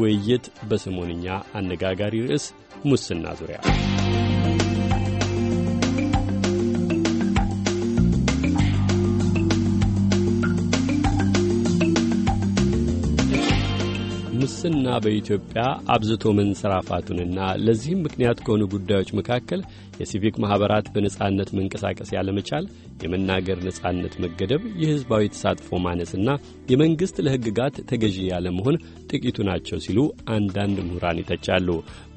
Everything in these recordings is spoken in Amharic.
ውይይት በሰሞንኛ አነጋጋሪ ርዕስ ሙስና ዙሪያ ሙስና በኢትዮጵያ አብዝቶ መንሰራፋቱንና ለዚህም ምክንያት ከሆኑ ጉዳዮች መካከል የሲቪክ ማኅበራት በነጻነት መንቀሳቀስ ያለመቻል፣ የመናገር ነጻነት መገደብ፣ የሕዝባዊ ተሳትፎ ማነስና የመንግሥት ለሕግጋት ተገዢ ያለመሆን ጥቂቱ ናቸው ሲሉ አንዳንድ ምሁራን ይተቻሉ።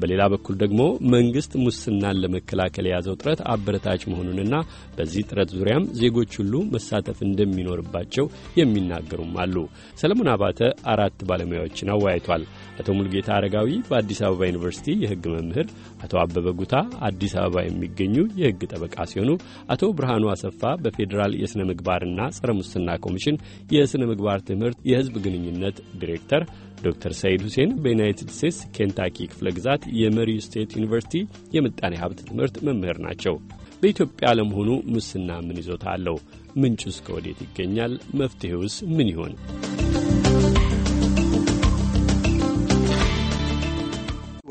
በሌላ በኩል ደግሞ መንግሥት ሙስናን ለመከላከል የያዘው ጥረት አበረታች መሆኑንና በዚህ ጥረት ዙሪያም ዜጎች ሁሉ መሳተፍ እንደሚኖርባቸው የሚናገሩም አሉ። ሰለሞን አባተ አራት ባለሙያዎችን አወያይቷል። አመልክቷል። አቶ ሙልጌታ አረጋዊ በአዲስ አበባ ዩኒቨርሲቲ የህግ መምህር፣ አቶ አበበ ጉታ አዲስ አበባ የሚገኙ የህግ ጠበቃ ሲሆኑ አቶ ብርሃኑ አሰፋ በፌዴራል የሥነ ምግባርና ጸረ ሙስና ኮሚሽን የሥነ ምግባር ትምህርት የህዝብ ግንኙነት ዲሬክተር ዶክተር ሰይድ ሁሴን በዩናይትድ ስቴትስ ኬንታኪ ክፍለ ግዛት የመሪ ስቴት ዩኒቨርሲቲ የምጣኔ ሀብት ትምህርት መምህር ናቸው። በኢትዮጵያ ለመሆኑ ሙስና ምን ይዞታ አለው? ምንጩስ ከወዴት ይገኛል? መፍትሄውስ ምን ይሆን?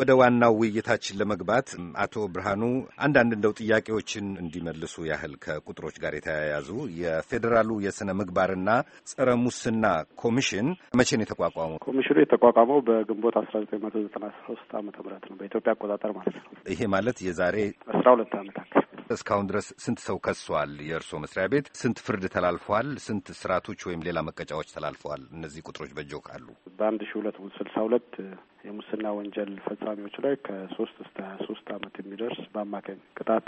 ወደ ዋናው ውይይታችን ለመግባት አቶ ብርሃኑ አንዳንድ እንደው ጥያቄዎችን እንዲመልሱ ያህል ከቁጥሮች ጋር የተያያዙ የፌዴራሉ የስነ ምግባርና ጸረ ሙስና ኮሚሽን መቼ ነው የተቋቋመው? ኮሚሽኑ የተቋቋመው በግንቦት አስራ ዘጠኝ መቶ ዘጠና ሶስት ምህረት ነው በኢትዮጵያ አቆጣጠር ማለት ነው። ይሄ ማለት የዛሬ አስራ ሁለት ዓመታት። እስካሁን ድረስ ስንት ሰው ከሷል? የእርስዎ መስሪያ ቤት ስንት ፍርድ ተላልፈዋል? ስንት ስርዓቶች ወይም ሌላ መቀጫዎች ተላልፈዋል? እነዚህ ቁጥሮች በጆ ካሉ በአንድ ሺ ሁለት ስልሳ ሁለት የሙስና ወንጀል ፈጻሚዎች ላይ ከሶስት እስከ ሀያ ሶስት አመት የሚደርስ በአማካኝ ቅጣት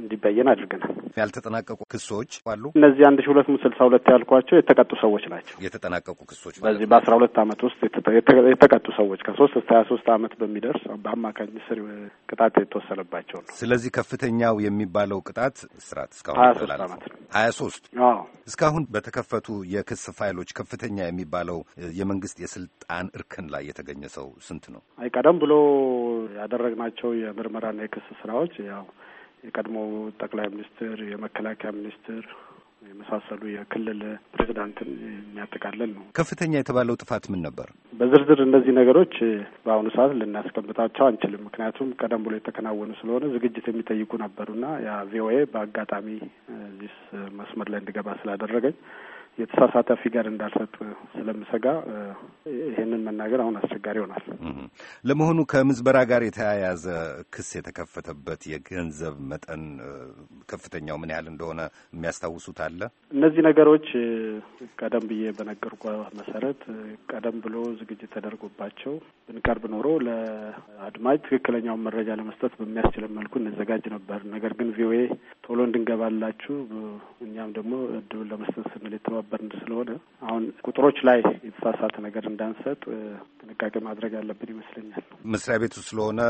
እንዲበየን አድርገናል። ያልተጠናቀቁ ክሶች አሉ። እነዚህ አንድ ሺ ሁለት መቶ ስልሳ ሁለት ያልኳቸው የተቀጡ ሰዎች ናቸው። የተጠናቀቁ ክሶች በዚህ በአስራ ሁለት አመት ውስጥ የተቀጡ ሰዎች ከሶስት እስከ ሀያ ሶስት አመት በሚደርስ በአማካኝ እስር ቅጣት የተወሰነባቸው ነው። ስለዚህ ከፍተኛው የሚባለው ቅጣት እስራት እስካሁን ሀያ ሶስት አመት ነው። ሀያ ሶስት እስካሁን በተከፈቱ የክስ ፋይሎች ከፍተኛ የሚባለው የመንግስት የስልጣን እርከን ላይ የተገኘ ሰው ስንት ነው? አይ ቀደም ብሎ ያደረግናቸው የምርመራና የክስ ስራዎች ያው የቀድሞ ጠቅላይ ሚኒስትር፣ የመከላከያ ሚኒስትር የመሳሰሉ የክልል ፕሬዚዳንትን የሚያጠቃልል ነው። ከፍተኛ የተባለው ጥፋት ምን ነበር? በዝርዝር እነዚህ ነገሮች በአሁኑ ሰዓት ልናስቀምጣቸው አንችልም። ምክንያቱም ቀደም ብሎ የተከናወኑ ስለሆነ ዝግጅት የሚጠይቁ ነበሩና ያ ቪኦኤ በአጋጣሚ እዚህ መስመር ላይ እንድገባ ስላደረገኝ የተሳሳተ ፊገር እንዳልሰጥ ስለምሰጋ ይህንን መናገር አሁን አስቸጋሪ ይሆናል። ለመሆኑ ከምዝበራ ጋር የተያያዘ ክስ የተከፈተበት የገንዘብ መጠን ከፍተኛው ምን ያህል እንደሆነ የሚያስታውሱት አለ? እነዚህ ነገሮች ቀደም ብዬ በነገርኩ መሰረት ቀደም ብሎ ዝግጅት ተደርጎባቸው ብንቀርብ ኖሮ ለአድማጭ ትክክለኛውን መረጃ ለመስጠት በሚያስችል መልኩ እንዘጋጅ ነበር። ነገር ግን ቪኦኤ ቶሎ እንድንገባላችሁ እኛም ደግሞ እድሉን ለመስጠት ስንል የተባ እያስተባበርን ስለሆነ አሁን ቁጥሮች ላይ የተሳሳተ ነገር እንዳንሰጥ ጥንቃቄ ማድረግ ያለብን ይመስለኛል። መስሪያ ቤቱ ስለሆነ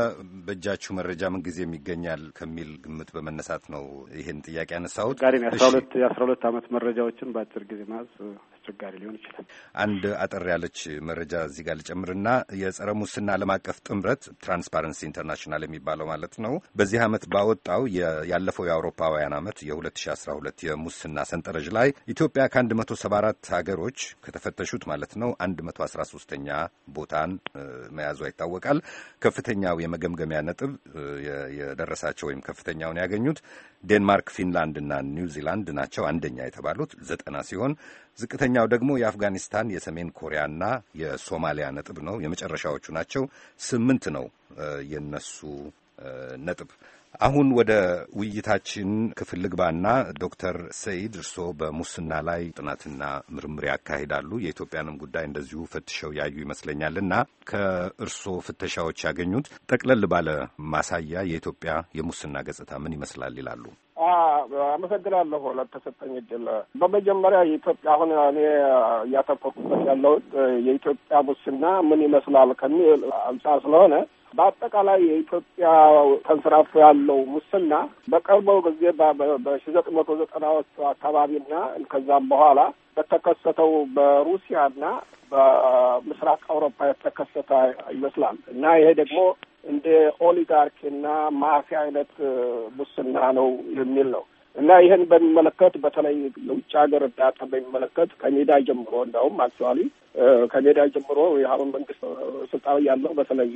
በእጃችሁ መረጃ ምን ጊዜ ይገኛል ከሚል ግምት በመነሳት ነው ይህን ጥያቄ ያነሳሁት። ጋሪ አስራ ሁለት የአስራ ሁለት አመት መረጃዎችን በአጭር ጊዜ መያዝ አስቸጋሪ ሊሆን ይችላል። አንድ አጠር ያለች መረጃ እዚህ ጋር ልጨምርና የጸረ ሙስና ዓለም አቀፍ ጥምረት ትራንስፓረንሲ ኢንተርናሽናል የሚባለው ማለት ነው በዚህ ዓመት ባወጣው ያለፈው የአውሮፓውያን ዓመት የ2012 የሙስና ሰንጠረዥ ላይ ኢትዮጵያ ከ174 ሀገሮች ከተፈተሹት ማለት ነው 113ኛ ቦታን መያዟ ይታወቃል። ከፍተኛው የመገምገሚያ ነጥብ የደረሳቸው ወይም ከፍተኛውን ያገኙት ዴንማርክ፣ ፊንላንድ እና ኒውዚላንድ ናቸው አንደኛ የተባሉት ዘጠና ሲሆን ዝቅተኛው ደግሞ የአፍጋኒስታን የሰሜን ኮሪያና የሶማሊያ ነጥብ ነው። የመጨረሻዎቹ ናቸው ስምንት ነው የነሱ ነጥብ አሁን ወደ ውይይታችን ክፍል ልግባና ዶክተር ሰይድ እርስዎ በሙስና ላይ ጥናትና ምርምር ያካሂዳሉ። የኢትዮጵያንም ጉዳይ እንደዚሁ ፈትሸው ያዩ ይመስለኛልና ከእርስዎ ፍተሻዎች ያገኙት ጠቅለል ባለ ማሳያ የኢትዮጵያ የሙስና ገጽታ ምን ይመስላል ይላሉ? አመሰግናለሁ ለተሰጠኝ እድል። በመጀመሪያ የኢትዮጵያ አሁን እኔ እያተፈኩበት ያለሁት የኢትዮጵያ ሙስና ምን ይመስላል ከሚል አንጻር ስለሆነ በአጠቃላይ የኢትዮጵያ ተንሰራፎ ያለው ሙስና በቀርበው ጊዜ በሺ ዘጠኝ መቶ ዘጠናዎቹ አካባቢና ከዛም በኋላ በተከሰተው በሩሲያና በምስራቅ አውሮፓ የተከሰተ ይመስላል እና ይሄ ደግሞ እንደ ኦሊጋርኪና ማፊያ አይነት ሙስና ነው የሚል ነው እና ይህን በሚመለከት በተለይ የውጭ ሀገር እርዳታ በሚመለከት ከሜዳ ጀምሮ እንደውም አክቹዋሊ ከሜዳ ጀምሮ አሁን መንግስት ስልጣን ያለው በተለይ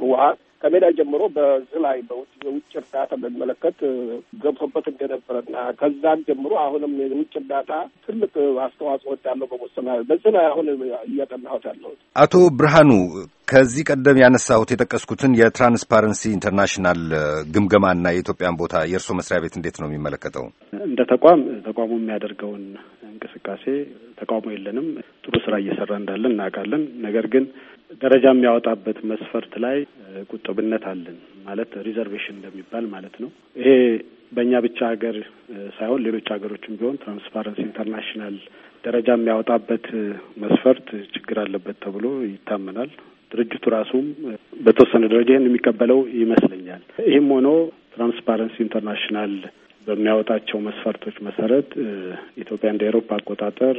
ህወሀት ከሜዳ ጀምሮ በዚህ ላይ በውጭ የውጭ እርዳታ በሚመለከት ገብቶበት እንደነበረና ከዛም ጀምሮ አሁንም የውጭ እርዳታ ትልቅ አስተዋጽኦ ያለው በሙስና በዚህ ላይ አሁን እያጠናሁት ያለሁት። አቶ ብርሃኑ ከዚህ ቀደም ያነሳሁት የጠቀስኩትን የትራንስፓረንሲ ኢንተርናሽናል ግምገማና የኢትዮጵያን ቦታ የእርስዎ መስሪያ ቤት እንዴት ነው የሚመለከተው? እንደ ተቋም ተቋሙ የሚያደርገውን እንቅስቃሴ ተቃውሞ የለንም። ጥሩ ስራ እየሰራ እንዳለን እናውቃለን። ነገር ግን ደረጃ የሚያወጣበት መስፈርት ላይ ቁጥብነት አለን ማለት ሪዘርቬሽን እንደሚባል ማለት ነው። ይሄ በእኛ ብቻ ሀገር ሳይሆን ሌሎች ሀገሮችም ቢሆን ትራንስፓረንሲ ኢንተርናሽናል ደረጃ የሚያወጣበት መስፈርት ችግር አለበት ተብሎ ይታመናል። ድርጅቱ ራሱም በተወሰነ ደረጃ ይህን የሚቀበለው ይመስለኛል። ይህም ሆኖ ትራንስፓረንሲ ኢንተርናሽናል በሚያወጣቸው መስፈርቶች መሰረት ኢትዮጵያ እንደ ኤሮፓ አቆጣጠር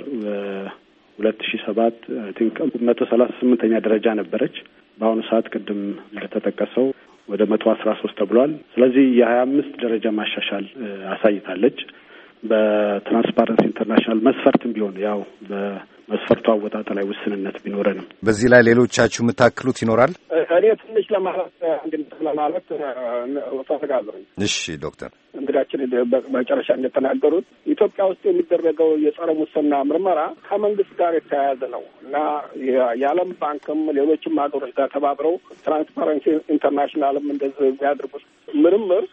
ሁለት ሺ ሰባት ቲንክ መቶ ሰላሳ ስምንተኛ ደረጃ ነበረች። በአሁኑ ሰዓት ቅድም እንደተጠቀሰው ወደ መቶ አስራ ሶስት ተብሏል። ስለዚህ የሀያ አምስት ደረጃ ማሻሻል አሳይታለች። በትራንስፓረንሲ ኢንተርናሽናል መስፈርትም ቢሆን ያው መስፈርቱ አወጣጥ ላይ ውስንነት ቢኖረንም በዚህ ላይ ሌሎቻችሁ የምታክሉት ይኖራል። እኔ ትንሽ ለማለት አንድ ለማለት እፈልጋለሁ። እሺ ዶክተር እንግዳችን መጨረሻ እንደተናገሩት ኢትዮጵያ ውስጥ የሚደረገው የጸረ ሙስና ምርመራ ከመንግስት ጋር የተያያዘ ነው እና የዓለም ባንክም ሌሎችም ሀገሮች ጋር ተባብረው ትራንስፓረንሲ ኢንተርናሽናልም እንደዚህ የሚያደርጉት ምርምር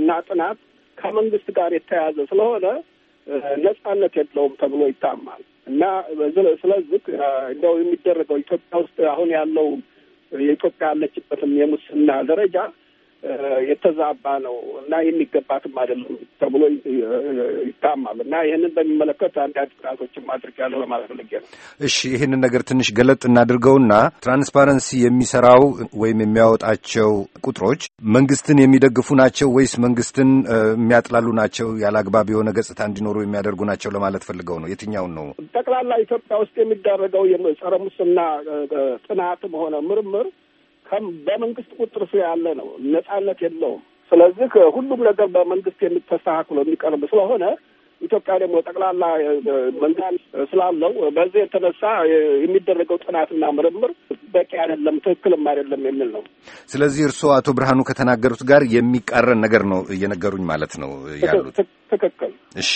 እና ጥናት ከመንግስት ጋር የተያያዘ ስለሆነ ነጻነት የለውም ተብሎ ይታማል። እና ስለዚህ እንደው የሚደረገው ኢትዮጵያ ውስጥ አሁን ያለው የኢትዮጵያ ያለችበትም የሙስና ደረጃ የተዛባ ነው እና የሚገባትም አይደለም ተብሎ ይታማል እና ይህንን በሚመለከት አንዳንድ ጥናቶችን ማድረግ ያለ ለማለት ፈልጌ ነው። እሺ ይህንን ነገር ትንሽ ገለጥ እናድርገውና ትራንስፓረንሲ የሚሰራው ወይም የሚያወጣቸው ቁጥሮች መንግስትን የሚደግፉ ናቸው ወይስ መንግስትን የሚያጥላሉ ናቸው? ያለ አግባብ የሆነ ገጽታ እንዲኖሩ የሚያደርጉ ናቸው ለማለት ፈልገው ነው። የትኛውን ነው? ጠቅላላ ኢትዮጵያ ውስጥ የሚደረገው የጸረ ሙስና ጥናትም ሆነ ምርምር በመንግስት ቁጥር ስር ያለ ነው። ነጻነት የለውም። ስለዚህ ሁሉም ነገር በመንግስት የሚተስተካክሎ የሚቀርብ ስለሆነ ኢትዮጵያ ደግሞ ጠቅላላ መንግስት ስላለው በዚህ የተነሳ የሚደረገው ጥናትና ምርምር በቂ አይደለም፣ ትክክልም አይደለም የሚል ነው። ስለዚህ እርስዎ አቶ ብርሃኑ ከተናገሩት ጋር የሚቃረን ነገር ነው እየነገሩኝ ማለት ነው ያሉት። ትክክል። እሺ፣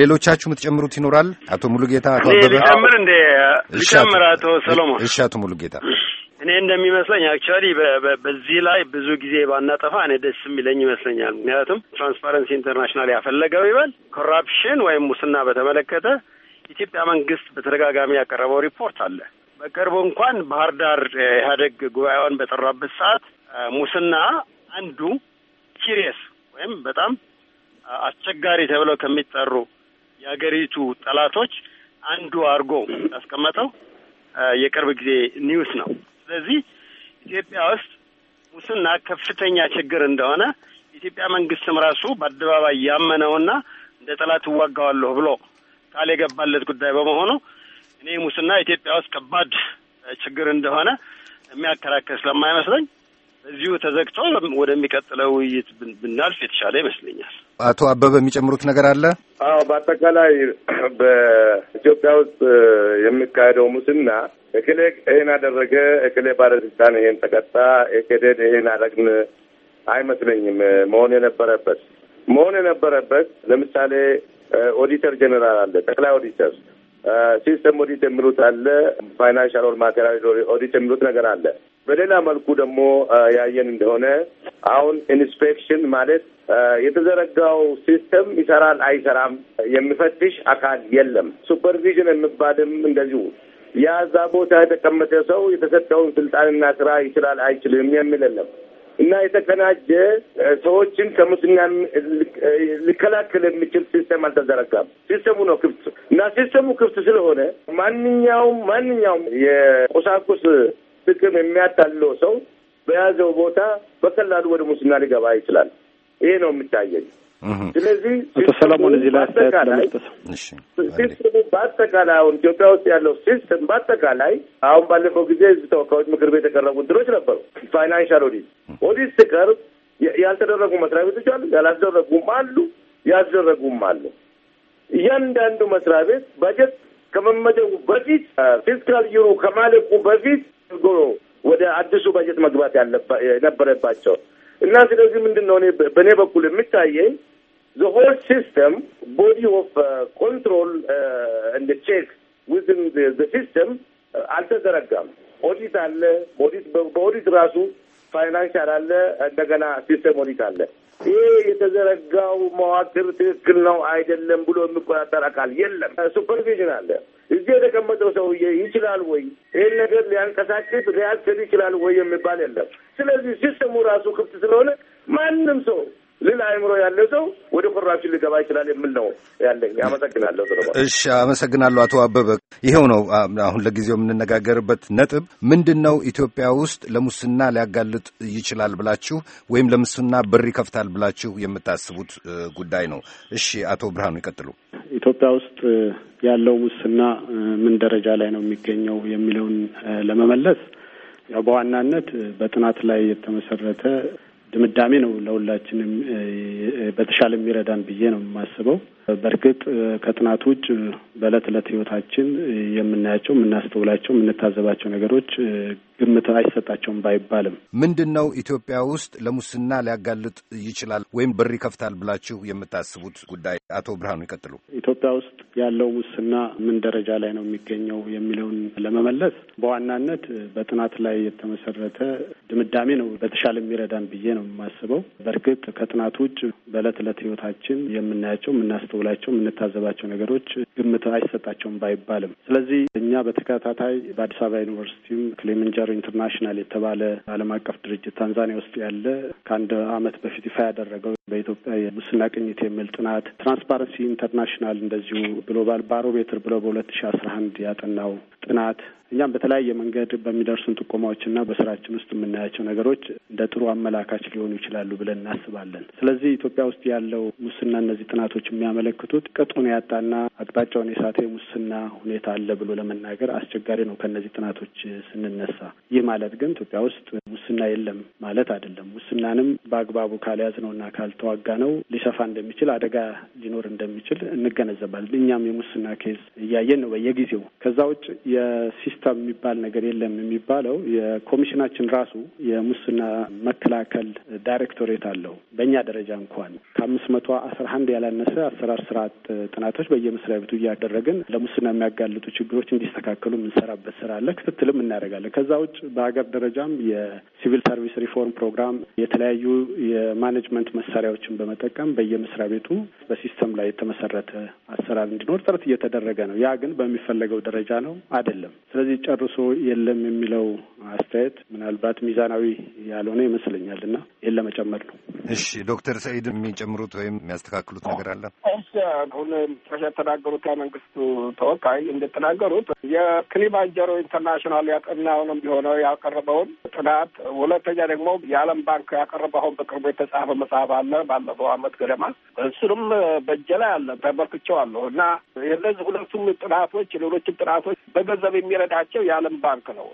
ሌሎቻችሁ የምትጨምሩት ይኖራል? አቶ ሙሉጌታ፣ አቶ አበበ ጨምር ጨምር። አቶ ሰሎሞን። እሺ፣ አቶ ሙሉጌታ እኔ እንደሚመስለኝ አክቹዋሊ በዚህ ላይ ብዙ ጊዜ ባናጠፋ እኔ ደስ የሚለኝ ይመስለኛል። ምክንያቱም ትራንስፓረንሲ ኢንተርናሽናል ያፈለገው ይበል ኮራፕሽን ወይም ሙስና በተመለከተ ኢትዮጵያ መንግስት በተደጋጋሚ ያቀረበው ሪፖርት አለ። በቅርቡ እንኳን ባህር ዳር ኢህአዴግ ጉባኤውን በጠራበት ሰዓት ሙስና አንዱ ሲሪየስ ወይም በጣም አስቸጋሪ ተብለው ከሚጠሩ የሀገሪቱ ጠላቶች አንዱ አድርጎ ያስቀመጠው የቅርብ ጊዜ ኒውስ ነው። ስለዚህ ኢትዮጵያ ውስጥ ሙስና ከፍተኛ ችግር እንደሆነ የኢትዮጵያ መንግስትም ራሱ በአደባባይ ያመነውና እንደ ጠላት እዋጋዋለሁ ብሎ ቃል የገባለት ጉዳይ በመሆኑ እኔ ሙስና ኢትዮጵያ ውስጥ ከባድ ችግር እንደሆነ የሚያከራከር ስለማይመስለኝ በዚሁ ተዘግቶ ወደሚቀጥለው ውይይት ብናልፍ የተሻለ ይመስለኛል። አቶ አበበ የሚጨምሩት ነገር አለ? አዎ፣ በአጠቃላይ በኢትዮጵያ ውስጥ የሚካሄደው ሙስና እክሌ ይህን አደረገ፣ እክሌ ባለስልጣን ይሄን ተቀጣ፣ እክሌን ይሄን አረግን አይመስለኝም። መሆን የነበረበት መሆን የነበረበት ለምሳሌ ኦዲተር ጀኔራል አለ፣ ጠቅላይ ኦዲተር ሲስተም ኦዲት የሚሉት አለ፣ ፋይናንሻል ኦር ማቴሪያል ኦዲት የሚሉት ነገር አለ። በሌላ መልኩ ደግሞ ያየን እንደሆነ አሁን ኢንስፔክሽን ማለት የተዘረጋው ሲስተም ይሰራል አይሰራም የሚፈትሽ አካል የለም። ሱፐርቪዥን የሚባልም እንደዚሁ ያዛ ቦታ የተቀመጠ ሰው የተሰጠውን ስልጣንና ስራ ይችላል አይችልም የሚል የለም እና የተቀናጀ ሰዎችን ከሙስና ሊከላከል የሚችል ሲስተም አልተዘረጋም። ሲስተሙ ነው ክፍት እና ሲስተሙ ክፍት ስለሆነ ማንኛውም ማንኛውም የቁሳቁስ ጥቅም የሚያታለው ሰው በያዘው ቦታ በቀላሉ ወደ ሙስና ሊገባ ይችላል። ይሄ ነው የሚታየኝ። ስለዚህ ሲስተሙ በአጠቃላይ አሁን ኢትዮጵያ ውስጥ ያለው ሲስተም በአጠቃላይ አሁን ባለፈው ጊዜ ህዝብ ተወካዮች ምክር ቤት የቀረቡ ድሮች ነበሩ። ፋይናንሻል ኦዲት ኦዲት ሲቀርብ ያልተደረጉ መስሪያ ቤቶች አሉ፣ ያላስደረጉም አሉ፣ ያስደረጉም አሉ። እያንዳንዱ መስሪያ ቤት በጀት ከመመደቡ በፊት ፊስካል ይሩ ከማለቁ በፊት አድርጎ ወደ አዲሱ በጀት መግባት የነበረባቸው እና ስለዚህ ምንድን ነው በእኔ በኩል የሚታየኝ ዘሆል ሲስተም ቦዲ ኦፍ ኮንትሮል እንደ ቼክ uh, and uh, አልተዘረጋም። ኦዲት አለ። ኦዲት በኦዲት ራሱ ፋይናንሻል አለ። እንደገና ሲስተም ኦዲት አለ። ይሄ የተዘረጋው መዋቅር ትክክል ነው አይደለም ብሎ የሚቆጣጠር አካል የለም። ሱፐርቪዥን አለ። እዚህ የተቀመጠው ሰውዬ ይችላል ወይ ይህን ነገር ሊያንቀሳቅስ ሊያስገድ ይችላል ወይ የሚባል የለም። ስለዚህ ሲስተሙ ራሱ ክፍት ስለሆነ ማንም ሰው ልል አእምሮ ያለው ሰው ወደ ኮራፕሽን ሊገባ ይችላል የሚል ነው ያለኝ። አመሰግናለሁ። እሺ፣ አመሰግናለሁ አቶ አበበ። ይኸው ነው አሁን ለጊዜው የምንነጋገርበት ነጥብ ምንድን ነው? ኢትዮጵያ ውስጥ ለሙስና ሊያጋልጥ ይችላል ብላችሁ ወይም ለሙስና በር ይከፍታል ብላችሁ የምታስቡት ጉዳይ ነው። እሺ፣ አቶ ብርሃኑ ይቀጥሉ። ኢትዮጵያ ውስጥ ያለው ሙስና ምን ደረጃ ላይ ነው የሚገኘው የሚለውን ለመመለስ ያው በዋናነት በጥናት ላይ የተመሰረተ ድምዳሜ ነው ለሁላችንም በተሻለ የሚረዳን ብዬ ነው የማስበው። በእርግጥ ከጥናት ውጭ በእለት እለት ህይወታችን የምናያቸው፣ የምናስተውላቸው፣ የምንታዘባቸው ነገሮች ግምት አይሰጣቸውም ባይባልም ምንድን ነው ኢትዮጵያ ውስጥ ለሙስና ሊያጋልጥ ይችላል ወይም በር ይከፍታል ብላችሁ የምታስቡት ጉዳይ? አቶ ብርሃኑ ይቀጥሉ። ኢትዮጵያ ውስጥ ያለው ሙስና ምን ደረጃ ላይ ነው የሚገኘው የሚለውን ለመመለስ በዋናነት በጥናት ላይ የተመሰረተ ድምዳሜ ነው በተሻለ የሚረዳን ብዬ ነው የማስበው። በእርግጥ ከጥናት ውጭ በእለት እለት ህይወታችን የምናያቸው የምናስተው ብላቸው የምንታዘባቸው ነገሮች ግምት አይሰጣቸውም ባይባልም ስለዚህ እኛ በተከታታይ በአዲስ አበባ ዩኒቨርሲቲም ክሊመንጀሮ ኢንተርናሽናል የተባለ ዓለም አቀፍ ድርጅት ታንዛኒያ ውስጥ ያለ ከአንድ ዓመት በፊት ይፋ ያደረገው በኢትዮጵያ የሙስና ቅኝት የሚል ጥናት ትራንስፓረንሲ ኢንተርናሽናል እንደዚሁ ግሎባል ባሮሜትር ብለው በሁለት ሺ አስራ አንድ ያጠናው ጥናት እኛም በተለያየ መንገድ በሚደርሱን ጥቆማዎችና በስራችን ውስጥ የምናያቸው ነገሮች እንደ ጥሩ አመላካች ሊሆኑ ይችላሉ ብለን እናስባለን። ስለዚህ ኢትዮጵያ ውስጥ ያለው ሙስና እነዚህ ጥናቶች የሚያመለክቱት ቅጡን ያጣና አቅጣጫውን የሳተ የሙስና ሁኔታ አለ ብሎ ለመ መናገር አስቸጋሪ ነው ከእነዚህ ጥናቶች ስንነሳ። ይህ ማለት ግን ኢትዮጵያ ውስጥ ሙስና የለም ማለት አይደለም። ሙስናንም በአግባቡ ካልያዝ ነው እና ካልተዋጋ ነው ሊሰፋ እንደሚችል አደጋ ሊኖር እንደሚችል እንገነዘባለን። እኛም የሙስና ኬዝ እያየን ነው በየጊዜው። ከዛ ውጭ የሲስተም የሚባል ነገር የለም የሚባለው የኮሚሽናችን ራሱ የሙስና መከላከል ዳይሬክቶሬት አለው። በእኛ ደረጃ እንኳን ከአምስት መቶ አስራ አንድ ያላነሰ አሰራር ስርዓት ጥናቶች በየመስሪያ ቤቱ እያደረግን ለሙስና የሚያጋልጡ ችግሮች እንዲ እንዲስተካከሉ የምንሰራበት ስራ አለ። ክትትልም እናደርጋለን። ከዛ ውጭ በሀገር ደረጃም የሲቪል ሰርቪስ ሪፎርም ፕሮግራም የተለያዩ የማኔጅመንት መሳሪያዎችን በመጠቀም በየመስሪያ ቤቱ በሲስተም ላይ የተመሰረተ አሰራር እንዲኖር ጥረት እየተደረገ ነው። ያ ግን በሚፈለገው ደረጃ ነው አይደለም። ስለዚህ ጨርሶ የለም የሚለው አስተያየት ምናልባት ሚዛናዊ ያልሆነ ይመስለኛል እና ይህን ለመጨመር ነው። እሺ ዶክተር ሰኢድ የሚጨምሩት ወይም የሚያስተካክሉት ነገር አለ? እሺ አሁን መጨረሻ ተወካይ እንደተናገሩት የክሊማንጀሮ ኢንተርናሽናል ያጠናውንም የሆነው ያቀረበውን ጥናት፣ ሁለተኛ ደግሞ የዓለም ባንክ ያቀረበውን በቅርቡ የተጻፈ መጽሐፍ አለ ባለፈው ዓመት ገደማ እሱንም በእጄ ላይ አለ ተመልክቼዋለሁ። እና እነዚህ ሁለቱም ጥናቶች ሌሎችም ጥናቶች በገንዘብ የሚረዳቸው የዓለም ባንክ ነው፣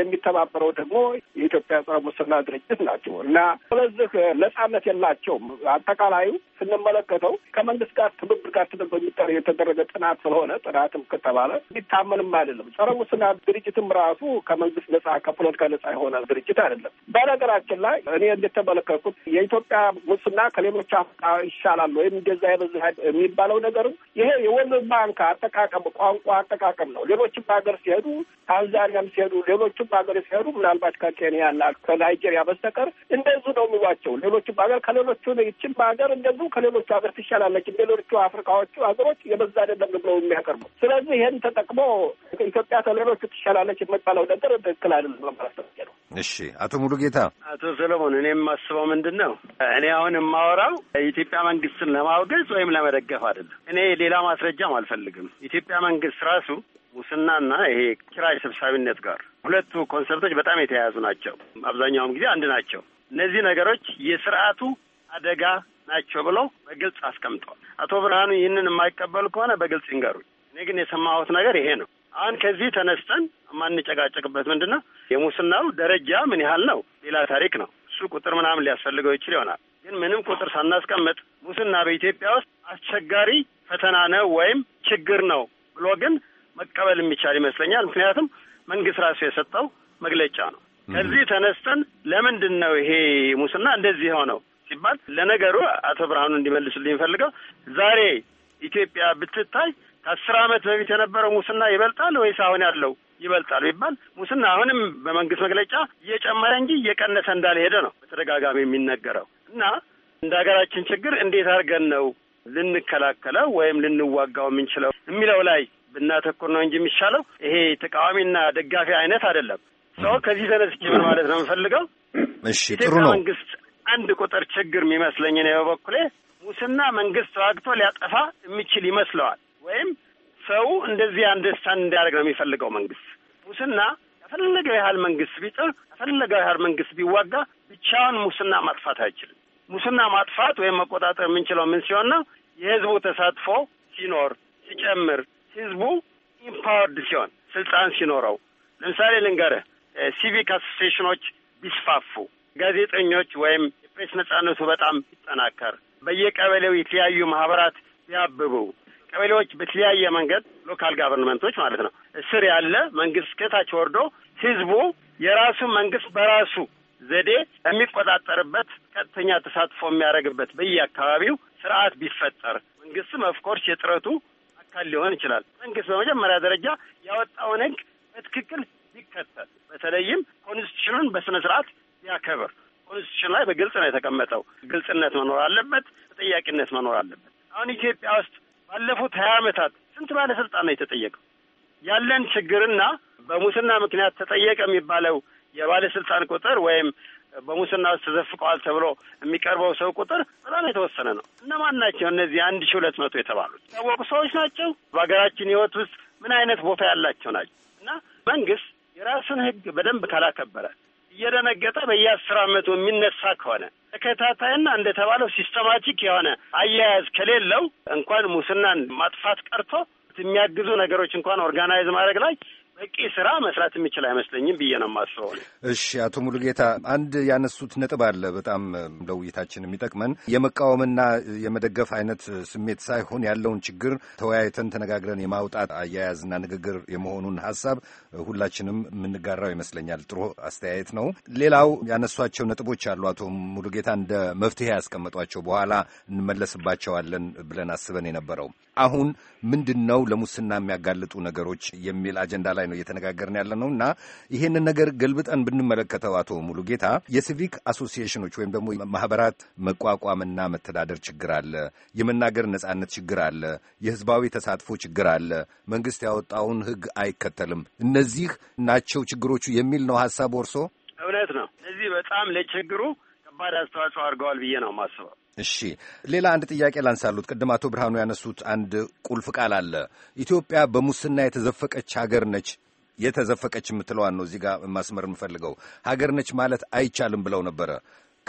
የሚተባበረው ደግሞ የኢትዮጵያ ጸረ ሙስና ድርጅት ናቸው። እና ስለዚህ ነጻነት የላቸውም። አጠቃላዩ ስንመለከተው ከመንግስት ጋር ትብብር ጋር ተደርጎ የሚጠር የተደረገ ጥናት ስለሆነ ጥናትም ከተባለ ሊታመንም ምንም አይደለም። ጸረ ሙስና ድርጅትም ራሱ ከመንግስት ነጻ ከፖለቲካ ነጻ የሆነ ድርጅት አይደለም። በነገራችን ላይ እኔ እንደተመለከትኩት የኢትዮጵያ ሙስና ከሌሎች አፍሪካ ይሻላል ወይም እንደዛ የበዛ የሚባለው ነገር ይሄ የወርልድ ባንክ አጠቃቀም ቋንቋ አጠቃቀም ነው። ሌሎችም ሀገር ሲሄዱ ታንዛኒያም ሲሄዱ ሌሎችም ሀገር ሲሄዱ ምናልባት ከኬንያና ከናይጄሪያ በስተቀር እንደዙ ነው የሚሏቸው። ሌሎችም ሀገር ከሌሎቹ ይችም ሀገር እንደዙ ከሌሎቹ ሀገር ትሻላለች እንደሌሎቹ አፍሪካዎቹ ሀገሮች የበዛ አይደለም ብለው የሚያቀርቡ ስለዚህ ይህን ተጠቅሞ ኢትዮጵያ ከሌሎቹ ትሻላለች የምትባለው ነገር ትክክል አይደለም ለማለት ነው። እሺ አቶ ጌታ። አቶ ሰለሞን እኔ የማስበው ምንድን ነው እኔ አሁን የማወራው የኢትዮጵያ መንግስትን ለማውገዝ ወይም ለመደገፍ አይደለም። እኔ ሌላ ማስረጃም አልፈልግም። ኢትዮጵያ መንግስት ራሱ ሙስናና ይሄ ኪራይ ሰብሳቢነት ጋር ሁለቱ ኮንሰፕቶች በጣም የተያያዙ ናቸው። አብዛኛውም ጊዜ አንድ ናቸው። እነዚህ ነገሮች የስርዓቱ አደጋ ናቸው ብለው በግልጽ አስቀምጠዋል። አቶ ብርሃኑ ይህንን የማይቀበሉ ከሆነ በግልጽ ይንገሩኝ። እኔ ግን የሰማሁት ነገር ይሄ ነው። አሁን ከዚህ ተነስተን የማንጨቃጨቅበት ምንድን ነው የሙስናው ደረጃ ምን ያህል ነው ሌላ ታሪክ ነው። እሱ ቁጥር ምናምን ሊያስፈልገው ይችል ይሆናል። ግን ምንም ቁጥር ሳናስቀምጥ ሙስና በኢትዮጵያ ውስጥ አስቸጋሪ ፈተና ነው ወይም ችግር ነው ብሎ ግን መቀበል የሚቻል ይመስለኛል። ምክንያቱም መንግስት ራሱ የሰጠው መግለጫ ነው። ከዚህ ተነስተን ለምንድን ነው ይሄ ሙስና እንደዚህ ሆነው ሲባል፣ ለነገሩ አቶ ብርሃኑ እንዲመልሱልኝ ፈልገው ዛሬ ኢትዮጵያ ብትታይ ከአስር ዓመት በፊት የነበረው ሙስና ይበልጣል ወይስ አሁን ያለው ይበልጣል ይባል ሙስና አሁንም በመንግስት መግለጫ እየጨመረ እንጂ እየቀነሰ እንዳልሄደ ነው በተደጋጋሚ የሚነገረው እና እንደ ሀገራችን ችግር እንዴት አድርገን ነው ልንከላከለው ወይም ልንዋጋው የምንችለው የሚለው ላይ ብናተኩር ነው እንጂ የሚሻለው ይሄ ተቃዋሚና ደጋፊ አይነት አይደለም። ሰው ከዚህ ተነስቼ ምን ማለት ነው የምፈልገው፣ እሺ ጥሩ ነው። መንግስት አንድ ቁጥር ችግር የሚመስለኝ ነው በበኩሌ ሙስና መንግስት ተዋግቶ ሊያጠፋ የሚችል ይመስለዋል። ወይም ሰው እንደዚህ አንደርስታንድ እንዲያደርግ ነው የሚፈልገው መንግስት። ሙስና ያፈለገው ያህል መንግስት ቢጥር፣ ያፈለገው ያህል መንግስት ቢዋጋ ብቻውን ሙስና ማጥፋት አይችልም። ሙስና ማጥፋት ወይም መቆጣጠር የምንችለው ምን ሲሆን ነው? የህዝቡ ተሳትፎ ሲኖር፣ ሲጨምር፣ ህዝቡ ኢምፓወርድ ሲሆን፣ ስልጣን ሲኖረው። ለምሳሌ ልንገርህ፣ ሲቪክ አሶሴሽኖች ቢስፋፉ፣ ጋዜጠኞች ወይም የፕሬስ ነጻነቱ በጣም ቢጠናከር፣ በየቀበሌው የተለያዩ ማህበራት ቢያብቡ ቀበሌዎች በተለያየ መንገድ ሎካል ጋቨርንመንቶች ማለት ነው ስር ያለ መንግስት ከታች ወርዶ ህዝቡ የራሱ መንግስት በራሱ ዘዴ የሚቆጣጠርበት ቀጥተኛ ተሳትፎ የሚያደርግበት በየአካባቢው ስርዓት ቢፈጠር መንግስትም ኦፍኮርስ የጥረቱ አካል ሊሆን ይችላል። መንግስት በመጀመሪያ ደረጃ ያወጣውን ህግ በትክክል ይከተል በተለይም ኮንስቲቱሽኑን በስነ ስርዓት ቢያከብር። ኮንስቲቱሽን ላይ በግልጽ ነው የተቀመጠው። ግልጽነት መኖር አለበት፣ ተጠያቂነት መኖር አለበት። አሁን ኢትዮጵያ ውስጥ ባለፉት ሀያ ዓመታት ስንት ባለስልጣን ነው የተጠየቀው? ያለን ችግርና በሙስና ምክንያት ተጠየቀ የሚባለው የባለስልጣን ቁጥር ወይም በሙስና ውስጥ ተዘፍቀዋል ተብሎ የሚቀርበው ሰው ቁጥር በጣም የተወሰነ ነው። እነማን ናቸው እነዚህ አንድ ሺ ሁለት መቶ የተባሉት? ታወቁ ሰዎች ናቸው። በሀገራችን ህይወት ውስጥ ምን አይነት ቦታ ያላቸው ናቸው? እና መንግስት የራሱን ህግ በደንብ ካላከበረ እየደነገጠ በየአስር አመቱ የሚነሳ ከሆነ ተከታታይና እንደተባለው ሲስተማቲክ የሆነ አያያዝ ከሌለው እንኳን ሙስናን ማጥፋት ቀርቶ የሚያግዙ ነገሮች እንኳን ኦርጋናይዝ ማድረግ ላይ በቂ ስራ መስራት የሚችል አይመስለኝም ብዬ ነው የማስበው። እሺ፣ አቶ ሙሉጌታ አንድ ያነሱት ነጥብ አለ በጣም ለውይይታችን የሚጠቅመን የመቃወምና የመደገፍ አይነት ስሜት ሳይሆን ያለውን ችግር ተወያይተን ተነጋግረን የማውጣት አያያዝና ንግግር የመሆኑን ሀሳብ ሁላችንም የምንጋራው ይመስለኛል። ጥሩ አስተያየት ነው። ሌላው ያነሷቸው ነጥቦች አሉ አቶ ሙሉጌታ እንደ መፍትሄ ያስቀመጧቸው በኋላ እንመለስባቸዋለን ብለን አስበን የነበረው አሁን ምንድን ነው ለሙስና የሚያጋልጡ ነገሮች የሚል አጀንዳ ላይ ነው እየተነጋገርን ያለ ነው እና ይሄንን ነገር ገልብጠን ብንመለከተው አቶ ሙሉ ጌታ የሲቪክ አሶሲዬሽኖች ወይም ደግሞ ማህበራት መቋቋምና መተዳደር ችግር አለ፣ የመናገር ነጻነት ችግር አለ፣ የህዝባዊ ተሳትፎ ችግር አለ፣ መንግስት ያወጣውን ህግ አይከተልም። እነዚህ ናቸው ችግሮቹ የሚል ነው ሀሳብ ወርሶ እውነት ነው። እነዚህ በጣም ለችግሩ ከባድ አስተዋጽኦ አድርገዋል ብዬ ነው የማስበው። እሺ ሌላ አንድ ጥያቄ ላንሳሉት። ቅድም አቶ ብርሃኑ ያነሱት አንድ ቁልፍ ቃል አለ። ኢትዮጵያ በሙስና የተዘፈቀች ሀገር ነች የተዘፈቀች የምትለዋን ነው እዚህ ጋር ማስመር የምፈልገው ሀገር ነች ማለት አይቻልም ብለው ነበረ።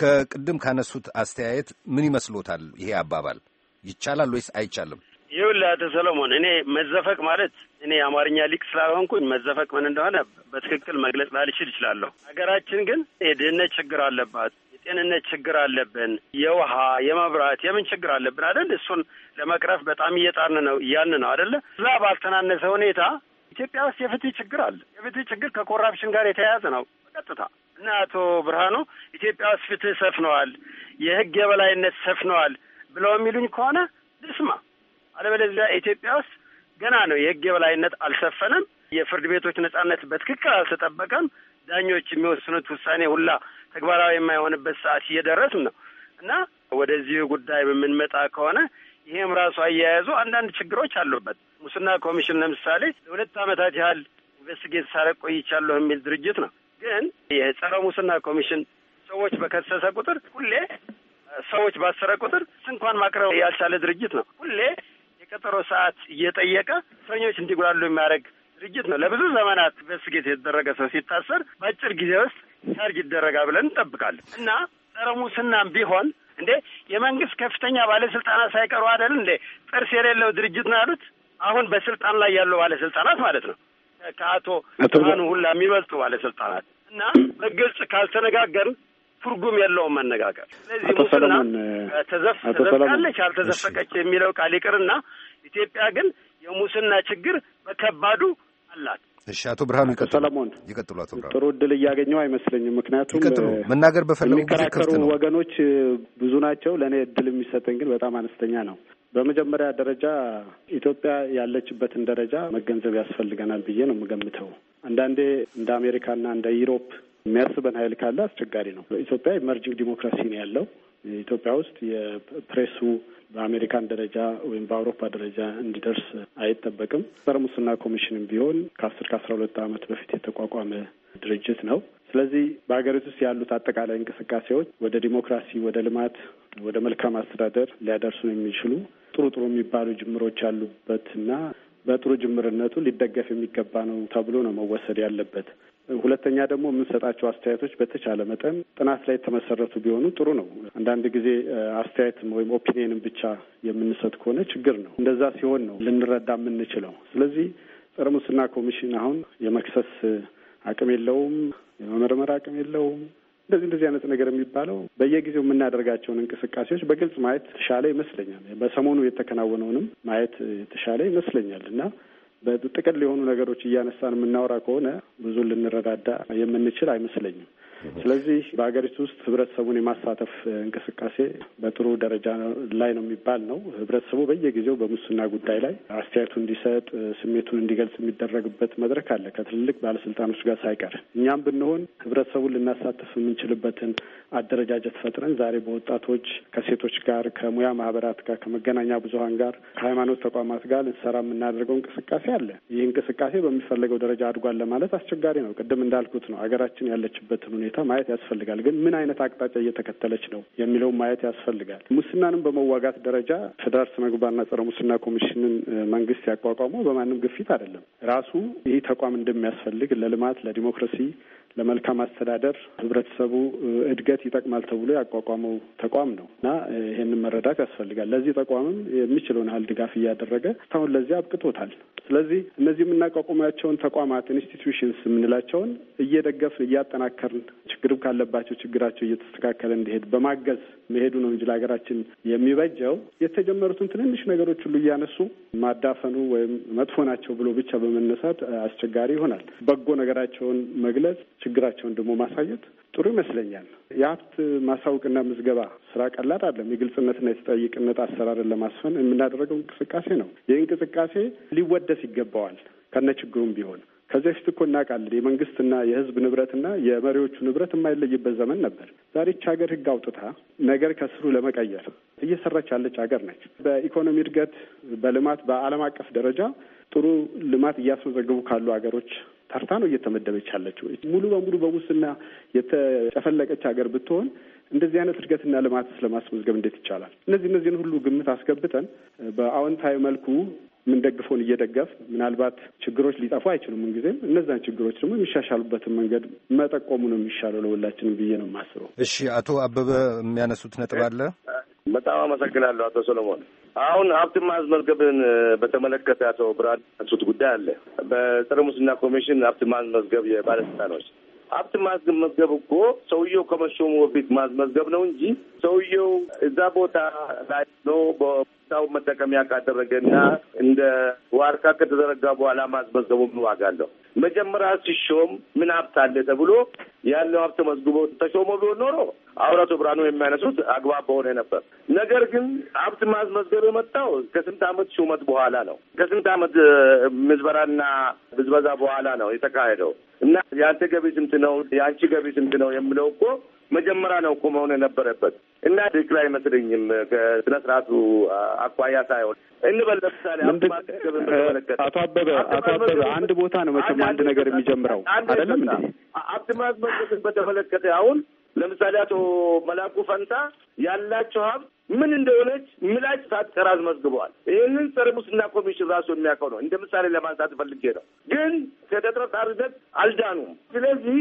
ከቅድም ካነሱት አስተያየት ምን ይመስሎታል ይሄ አባባል ይቻላል ወይስ አይቻልም? ይኸውልህ አቶ ሰለሞን፣ እኔ መዘፈቅ ማለት እኔ አማርኛ ሊቅ ስላልሆንኩኝ መዘፈቅ ምን እንደሆነ በትክክል መግለጽ ላልችል እችላለሁ። ሀገራችን ግን የድህነት ችግር አለባት፣ የጤንነት ችግር አለብን፣ የውሃ የመብራት የምን ችግር አለብን አይደል? እሱን ለመቅረፍ በጣም እየጣን ነው እያን ነው አይደለ? እዛ ባልተናነሰ ሁኔታ ኢትዮጵያ ውስጥ የፍትህ ችግር አለ። የፍትህ ችግር ከኮራፕሽን ጋር የተያያዘ ነው በቀጥታ እና አቶ ብርሃኑ ኢትዮጵያ ውስጥ ፍትህ ሰፍነዋል፣ የህግ የበላይነት ሰፍነዋል ብለው የሚሉኝ ከሆነ ልስማ። አለበለዚያ ኢትዮጵያ ውስጥ ገና ነው፣ የህግ የበላይነት አልሰፈነም፣ የፍርድ ቤቶች ነጻነት በትክክል አልተጠበቀም፣ ዳኞች የሚወስኑት ውሳኔ ሁላ ተግባራዊ የማይሆንበት ሰዓት እየደረስ ነው እና ወደዚህ ጉዳይ በምንመጣ ከሆነ ይሄም ራሱ አያያዙ አንዳንድ ችግሮች አሉበት። ሙስና ኮሚሽን ለምሳሌ ለሁለት ዓመታት ያህል ኢንቨስቲጌት ሳረቅ ቆይቻለሁ የሚል ድርጅት ነው። ግን የጸረ ሙስና ኮሚሽን ሰዎች በከሰሰ ቁጥር ሁሌ ሰዎች ባሰረ ቁጥር ስንኳን ማቅረብ ያልቻለ ድርጅት ነው። ሁሌ የቀጠሮ ሰዓት እየጠየቀ እስረኞች እንዲጉላሉ የሚያደርግ ድርጅት ነው። ለብዙ ዘመናት ኢንቨስቲጌት የተደረገ ሰው ሲታሰር በአጭር ጊዜ ውስጥ ቻርጅ ይደረጋል ብለን እንጠብቃለን እና ጸረ ሙስናም ቢሆን እንዴ የመንግስት ከፍተኛ ባለስልጣናት ሳይቀሩ አይደል እንዴ ጥርስ የሌለው ድርጅት ነው ያሉት። አሁን በስልጣን ላይ ያሉ ባለስልጣናት ማለት ነው ከአቶ ብርሃኑ ሁላ የሚበልጡ ባለስልጣናት እና በግልጽ ካልተነጋገርን ትርጉም የለውም መነጋገር። ስለዚህ ሙስና ተዘፍተዘፍቃለች አልተዘፈቀች የሚለው ቃል ይቅርና ኢትዮጵያ ግን የሙስና ችግር በከባዱ አላት። እሺ አቶ ብርሃኑ ይቀጥሉ። ሰለሞን ይቀጥሉ። አቶ ብርሃኑ ጥሩ እድል እያገኘው አይመስለኝም። ምክንያቱም ይቀጥሉ። መናገር በፈለጉ የሚከራከሩ ወገኖች ብዙ ናቸው። ለእኔ እድል የሚሰጠኝ ግን በጣም አነስተኛ ነው። በመጀመሪያ ደረጃ ኢትዮጵያ ያለችበትን ደረጃ መገንዘብ ያስፈልገናል ብዬ ነው የምገምተው። አንዳንዴ እንደ አሜሪካና እንደ ዩሮፕ የሚያስበን ኃይል ካለ አስቸጋሪ ነው። ኢትዮጵያ ኢመርጂንግ ዲሞክራሲ ነው ያለው። ኢትዮጵያ ውስጥ የፕሬሱ በአሜሪካን ደረጃ ወይም በአውሮፓ ደረጃ እንዲደርስ አይጠበቅም። ጸረ ሙስና ኮሚሽንም ቢሆን ከአስር ከአስራ ሁለት ዓመት በፊት የተቋቋመ ድርጅት ነው። ስለዚህ በሀገሪቱ ውስጥ ያሉት አጠቃላይ እንቅስቃሴዎች ወደ ዲሞክራሲ፣ ወደ ልማት፣ ወደ መልካም አስተዳደር ሊያደርሱ የሚችሉ ጥሩ ጥሩ የሚባሉ ጅምሮች ያሉበትና በጥሩ ጅምርነቱ ሊደገፍ የሚገባ ነው ተብሎ ነው መወሰድ ያለበት። ሁለተኛ ደግሞ የምንሰጣቸው አስተያየቶች በተቻለ መጠን ጥናት ላይ የተመሰረቱ ቢሆኑ ጥሩ ነው። አንዳንድ ጊዜ አስተያየት ወይም ኦፒኒየንም ብቻ የምንሰጥ ከሆነ ችግር ነው። እንደዛ ሲሆን ነው ልንረዳ የምንችለው። ስለዚህ ጸረ ሙስና ኮሚሽን አሁን የመክሰስ አቅም የለውም፣ የመመርመር አቅም የለውም። እንደዚህ እንደዚህ አይነት ነገር የሚባለው በየጊዜው የምናደርጋቸውን እንቅስቃሴዎች በግልጽ ማየት የተሻለ ይመስለኛል። በሰሞኑ የተከናወነውንም ማየት የተሻለ ይመስለኛል እና በጥቅል የሆኑ ነገሮች እያነሳን የምናወራ ከሆነ ብዙ ልንረዳዳ የምንችል አይመስለኝም። ስለዚህ በሀገሪቱ ውስጥ ህብረተሰቡን የማሳተፍ እንቅስቃሴ በጥሩ ደረጃ ላይ ነው የሚባል ነው። ህብረተሰቡ በየጊዜው በሙስና ጉዳይ ላይ አስተያየቱ እንዲሰጥ ስሜቱን እንዲገልጽ የሚደረግበት መድረክ አለ ከትልልቅ ባለስልጣኖች ጋር ሳይቀር። እኛም ብንሆን ህብረተሰቡን ልናሳተፍ የምንችልበትን አደረጃጀት ፈጥረን ዛሬ በወጣቶች ከሴቶች ጋር ከሙያ ማህበራት ጋር ከመገናኛ ብዙሀን ጋር ከሃይማኖት ተቋማት ጋር ልንሰራ የምናደርገው እንቅስቃሴ አለ። ይህ እንቅስቃሴ በሚፈለገው ደረጃ አድጓል ለማለት አስቸጋሪ ነው። ቅድም እንዳልኩት ነው ሀገራችን ያለችበትን ሁኔታ ሁኔታ ማየት ያስፈልጋል። ግን ምን አይነት አቅጣጫ እየተከተለች ነው የሚለውን ማየት ያስፈልጋል። ሙስናንም በመዋጋት ደረጃ ፌዴራል ስነ ምግባርና ጸረ ሙስና ኮሚሽንን መንግስት ያቋቋመው በማንም ግፊት አይደለም። ራሱ ይህ ተቋም እንደሚያስፈልግ ለልማት፣ ለዲሞክራሲ፣ ለመልካም አስተዳደር ህብረተሰቡ እድገት ይጠቅማል ተብሎ ያቋቋመው ተቋም ነው እና ይህንን መረዳት ያስፈልጋል። ለዚህ ተቋምም የሚችለውን ያህል ድጋፍ እያደረገ እስካሁን ለዚህ አብቅቶታል። ስለዚህ እነዚህ የምናቋቁማቸውን ተቋማት ኢንስቲትዩሽንስ የምንላቸውን እየደገፍን እያጠናከርን ችግርም ካለባቸው ችግራቸው እየተስተካከለ እንዲሄድ በማገዝ መሄዱ ነው እንጂ ለሀገራችን የሚበጀው የተጀመሩትን ትንንሽ ነገሮች ሁሉ እያነሱ ማዳፈኑ ወይም መጥፎ ናቸው ብሎ ብቻ በመነሳት አስቸጋሪ ይሆናል። በጎ ነገራቸውን መግለጽ፣ ችግራቸውን ደግሞ ማሳየት ጥሩ ይመስለኛል። የሀብት ማሳወቅና ምዝገባ ስራ ቀላል አይደለም። የግልጽነትና የተጠይቅነት አሰራርን ለማስፈን የምናደረገው እንቅስቃሴ ነው። ይህ እንቅስቃሴ ሊወደስ ይገባዋል ከነ ችግሩም ቢሆን ከዚህ በፊት እኮ እናውቃለን የመንግስትና የህዝብ ንብረትና የመሪዎቹ ንብረት የማይለይበት ዘመን ነበር። ዛሬች ሀገር ህግ አውጥታ ነገር ከስሩ ለመቀየር እየሰራች ያለች ሀገር ነች። በኢኮኖሚ እድገት፣ በልማት በዓለም አቀፍ ደረጃ ጥሩ ልማት እያስመዘገቡ ካሉ ሀገሮች ተርታ ነው እየተመደበች ያለችው። ሙሉ በሙሉ በሙስና የተጨፈለቀች ሀገር ብትሆን እንደዚህ አይነት እድገትና ልማት ስለማስመዝገብ እንዴት ይቻላል? እነዚህ እነዚህን ሁሉ ግምት አስገብተን በአዎንታዊ መልኩ የምንደግፈውን እየደገፍ ምናልባት ችግሮች ሊጠፉ አይችሉም። ምንጊዜም እነዛን ችግሮች ደግሞ የሚሻሻሉበትን መንገድ መጠቆሙ ነው የሚሻለው ለሁላችንም ብዬ ነው የማስበው። እሺ፣ አቶ አበበ የሚያነሱት ነጥብ አለ። በጣም አመሰግናለሁ አቶ ሰሎሞን። አሁን ሀብት ማስመዝገብን በተመለከተ አቶ ብርሃን ያነሱት ጉዳይ አለ። በጸረ ሙስና ኮሚሽን ሀብት ማስመዝገብ የባለስልጣኖች ሀብት ማስመዝገብ እኮ ሰውየው ከመሾሙ በፊት ማስመዝገብ ነው እንጂ ሰውየው እዛ ቦታ ላይ ነው ሰው መጠቀሚያ ካደረገና እንደ ዋርካ ከተዘረጋ በኋላ ማስመዝገቡ ምን ዋጋ አለው? መጀመሪያ ሲሾም ምን ሀብት አለ ተብሎ ያለው ሀብት መዝግቦ ተሾሞ ቢሆን ኖሮ አውራቱ ብርሃኑ የሚያነሱት አግባብ በሆነ ነበር። ነገር ግን ሀብት ማስመዝገብ የመጣው ከስንት ዓመት ሹመት በኋላ ነው። ከስንት ዓመት ምዝበራና ብዝበዛ በኋላ ነው የተካሄደው እና የአንተ ገቢ ስንት ነው፣ የአንቺ ገቢ ስንት ነው የምለው እኮ መጀመሪያ ነው እኮ መሆን የነበረበት እና ድግር አይመስለኝም። ከስነ ስርዓቱ አኳያ ሳይሆን እንበል ለምሳሌ አቶ አበበ አቶ አበበ አንድ ቦታ ነው መቼም አንድ ነገር የሚጀምረው አይደለም እንዴ? ሀብት ማስመዝገብን በተመለከተ አሁን ለምሳሌ አቶ መላኩ ፈንታ ያላቸው ሀብት ምን እንደሆነች ምላጭ ሳትቀር አስመዝግበዋል። ይህንን ጸረ ሙስና ኮሚሽን ራሱ የሚያውቀው ነው። እንደ ምሳሌ ለማንሳት ፈልጌ ነው። ግን ከተጠርጣሪነት አልዳኑም። ስለዚህ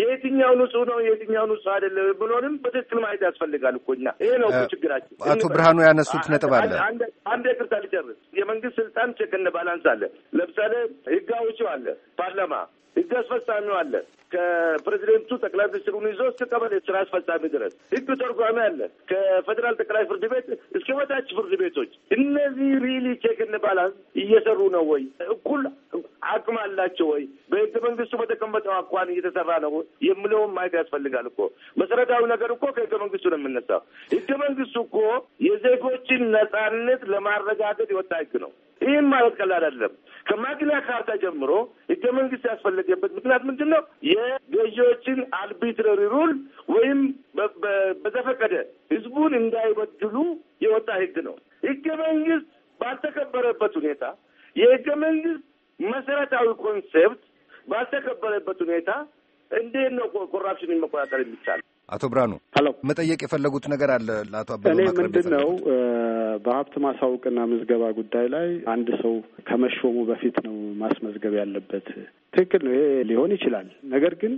የትኛው ንጹህ ነው የትኛው ንጹህ አይደለም ብሎንም በትክክል ማየት ያስፈልጋል እኮ እኛ ይሄ ነው ችግራችን። አቶ ብርሃኑ ያነሱት ነጥብ አለ። አንድ ቅርታ ልጨርስ። የመንግስት ስልጣን ቼክና ባላንስ አለ። ለምሳሌ ህግ አውጪው አለ፣ ፓርላማ ህግ አስፈጻሚው አለ ከፕሬዚደንቱ ጠቅላይ ሚኒስትሩን ይዞ እስከ ቀበሌ ስራ አስፈጻሚ ድረስ ህግ ተርጓሚ አለ። ከፌዴራል ጠቅላይ ፍርድ ቤት እስከ በታች ፍርድ ቤቶች እነዚህ ሪሊ ቼክን ባላንስ እየሰሩ ነው ወይ? እኩል አቅም አላቸው ወይ? በህገ መንግስቱ በተቀመጠው አኳን እየተሰራ ነው የምለውን ማየት ያስፈልጋል እኮ። መሰረታዊ ነገር እኮ ከህገ መንግስቱ ነው የምነሳው። ህገ መንግስቱ እኮ የዜጎችን ነጻነት ለማረጋገጥ የወጣ ህግ ነው። ይህም ማለት ቀላል አይደለም። ከማግና ካርታ ጀምሮ ህገ መንግስት ያስፈለገበት ምክንያት ምንድን ነው? የገዢዎችን አርቢትረሪ ሩል ወይም በዘፈቀደ ህዝቡን እንዳይበድሉ የወጣ ህግ ነው። ህገ መንግስት ባልተከበረበት ሁኔታ የህገ መንግስት መሰረታዊ ኮንሴፕት ባልተከበረበት ሁኔታ እንዴት ነው ኮራፕሽን መቆጣጠር የሚቻል? አቶ ብርሃኑ መጠየቅ የፈለጉት ነገር አለ ለአቶ አበበ። እኔ ምንድን ነው በሀብት ማሳወቅና ምዝገባ ጉዳይ ላይ አንድ ሰው ከመሾሙ በፊት ነው ማስመዝገብ ያለበት። ትክክል ነው፣ ይሄ ሊሆን ይችላል። ነገር ግን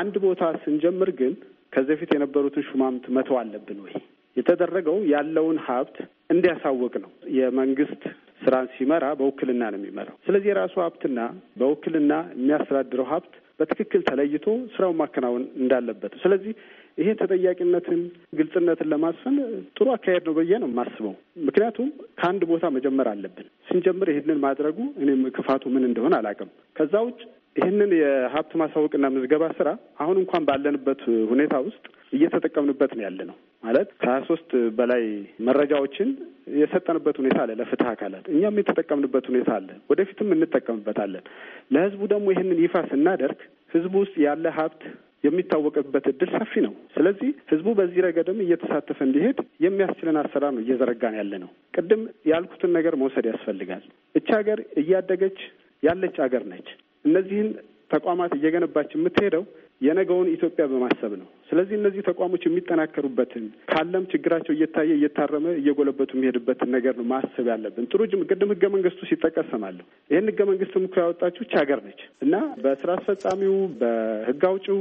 አንድ ቦታ ስንጀምር ግን ከዚህ በፊት የነበሩትን ሹማምት መተው አለብን ወይ? የተደረገው ያለውን ሀብት እንዲያሳውቅ ነው። የመንግስት ስራን ሲመራ በውክልና ነው የሚመራው። ስለዚህ የራሱ ሀብትና በውክልና የሚያስተዳድረው ሀብት በትክክል ተለይቶ ስራውን ማከናወን እንዳለበት። ስለዚህ ይሄን ተጠያቂነትን፣ ግልጽነትን ለማስፈን ጥሩ አካሄድ ነው ብዬ ነው የማስበው። ምክንያቱም ከአንድ ቦታ መጀመር አለብን። ስንጀምር ይህንን ማድረጉ እኔም ክፋቱ ምን እንደሆነ አላውቅም። ከዛ ውጭ ይህንን የሀብት ማሳወቅና ምዝገባ ስራ አሁን እንኳን ባለንበት ሁኔታ ውስጥ እየተጠቀምንበት ነው ያለ ነው ማለት ከሀያ ሶስት በላይ መረጃዎችን የሰጠንበት ሁኔታ አለ ለፍትህ አካላት። እኛም የተጠቀምንበት ሁኔታ አለ፣ ወደፊትም እንጠቀምበታለን። ለህዝቡ ደግሞ ይህንን ይፋ ስናደርግ ህዝቡ ውስጥ ያለ ሀብት የሚታወቅበት እድል ሰፊ ነው። ስለዚህ ህዝቡ በዚህ ረገድም እየተሳተፈ እንዲሄድ የሚያስችለን አሰራር ነው እየዘረጋን ያለ ነው። ቅድም ያልኩትን ነገር መውሰድ ያስፈልጋል። እቺ ሀገር እያደገች ያለች ሀገር ነች። እነዚህን ተቋማት እየገነባች የምትሄደው የነገውን ኢትዮጵያ በማሰብ ነው። ስለዚህ እነዚህ ተቋሞች የሚጠናከሩበትን ካለም ችግራቸው እየታየ እየታረመ እየጎለበቱ የሚሄድበትን ነገር ነው ማሰብ ያለብን። ጥሩ ጅም ቅድም ህገ መንግስቱ ሲጠቀስ ሰማለሁ። ይህን ህገ መንግስትም እኮ ያወጣችሁ ይህች ሀገር ነች እና በስራ አስፈጻሚው፣ በህግ አውጪው፣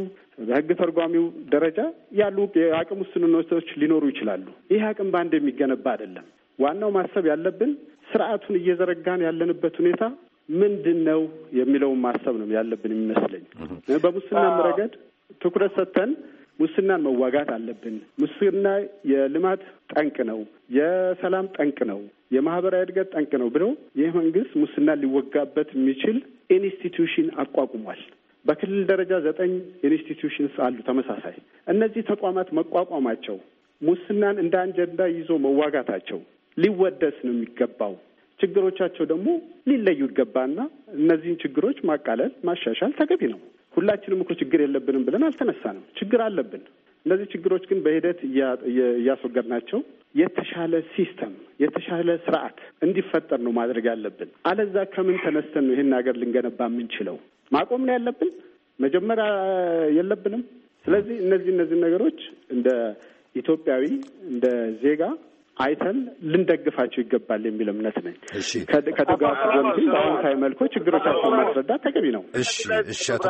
በህግ ተርጓሚው ደረጃ ያሉ የአቅም ውስንነቶች ሊኖሩ ይችላሉ። ይህ አቅም በአንድ የሚገነባ አይደለም። ዋናው ማሰብ ያለብን ስርዓቱን እየዘረጋን ያለንበት ሁኔታ ምንድን ነው የሚለውን ማሰብ ነው ያለብን የሚመስለኝ። በሙስናም ረገድ ትኩረት ሰጥተን ሙስናን መዋጋት አለብን። ሙስና የልማት ጠንቅ ነው፣ የሰላም ጠንቅ ነው፣ የማህበራዊ እድገት ጠንቅ ነው ብሎ ይህ መንግስት ሙስና ሊወጋበት የሚችል ኢንስቲትዩሽን አቋቁሟል። በክልል ደረጃ ዘጠኝ ኢንስቲትዩሽንስ አሉ ተመሳሳይ። እነዚህ ተቋማት መቋቋማቸው ሙስናን እንደ አጀንዳ ይዞ መዋጋታቸው ሊወደስ ነው የሚገባው። ችግሮቻቸው ደግሞ ሊለዩ ይገባና እነዚህን ችግሮች ማቃለል፣ ማሻሻል ተገቢ ነው። ሁላችንም እኮ ችግር የለብንም ብለን አልተነሳንም። ችግር አለብን። እነዚህ ችግሮች ግን በሂደት እያስወገድናቸው የተሻለ ሲስተም የተሻለ ስርዓት እንዲፈጠር ነው ማድረግ ያለብን። አለዛ ከምን ተነስተን ነው ይህን ሀገር ልንገነባ የምንችለው? ማቆም ነው ያለብን። መጀመሪያ የለብንም። ስለዚህ እነዚህ እነዚህ ነገሮች እንደ ኢትዮጵያዊ እንደ ዜጋ አይተን ልንደግፋቸው ይገባል የሚል እምነት ነኝ። ከድጋፍ ጎን ግን በአዎንታዊ መልኩ ችግሮቻቸውን ማስረዳት ተገቢ ነው። እሺ፣ እሺ። አቶ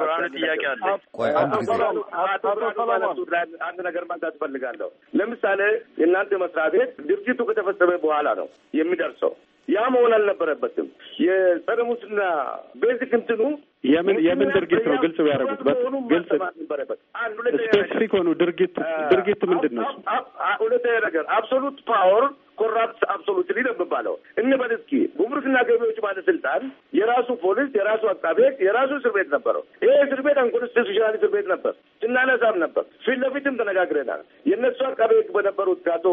ብርሃኑ ጥያቄ አለ። ቆይ አንድ ጊዜ አቶ ብርሃኑ አንድ ነገር ማንሳት እፈልጋለሁ። ለምሳሌ የእናንተ መስሪያ ቤት ድርጅቱ ከተፈጸመ በኋላ ነው የሚደርሰው። ያ መሆን አልነበረበትም። የጸረ ሙስና ቤዚክ እንትኑ የምን የምን ድርጊት ነው ግልጽ ቢያደርጉት፣ ግልጽ ስፔሲፊክ ሆኑ ድርጊት ድርጊት ምንድን ነው? ሁለተኛ ነገር አብሶሉት ፓወር ኮራፕት አብሶሉት ነው የሚባለው። እንበል እስኪ ጉምሩክና ገቢዎች ባለስልጣን የራሱ ፖሊስ፣ የራሱ አቃቤ፣ የራሱ እስር ቤት ነበረው። ይሄ እስር ቤት አንኮንስቲቱሽናል እስር ቤት ነበር፣ ስናነሳም ነበር፣ ፊት ለፊትም ተነጋግረናል። የእነሱ አቃቤ በነበሩት ከአቶ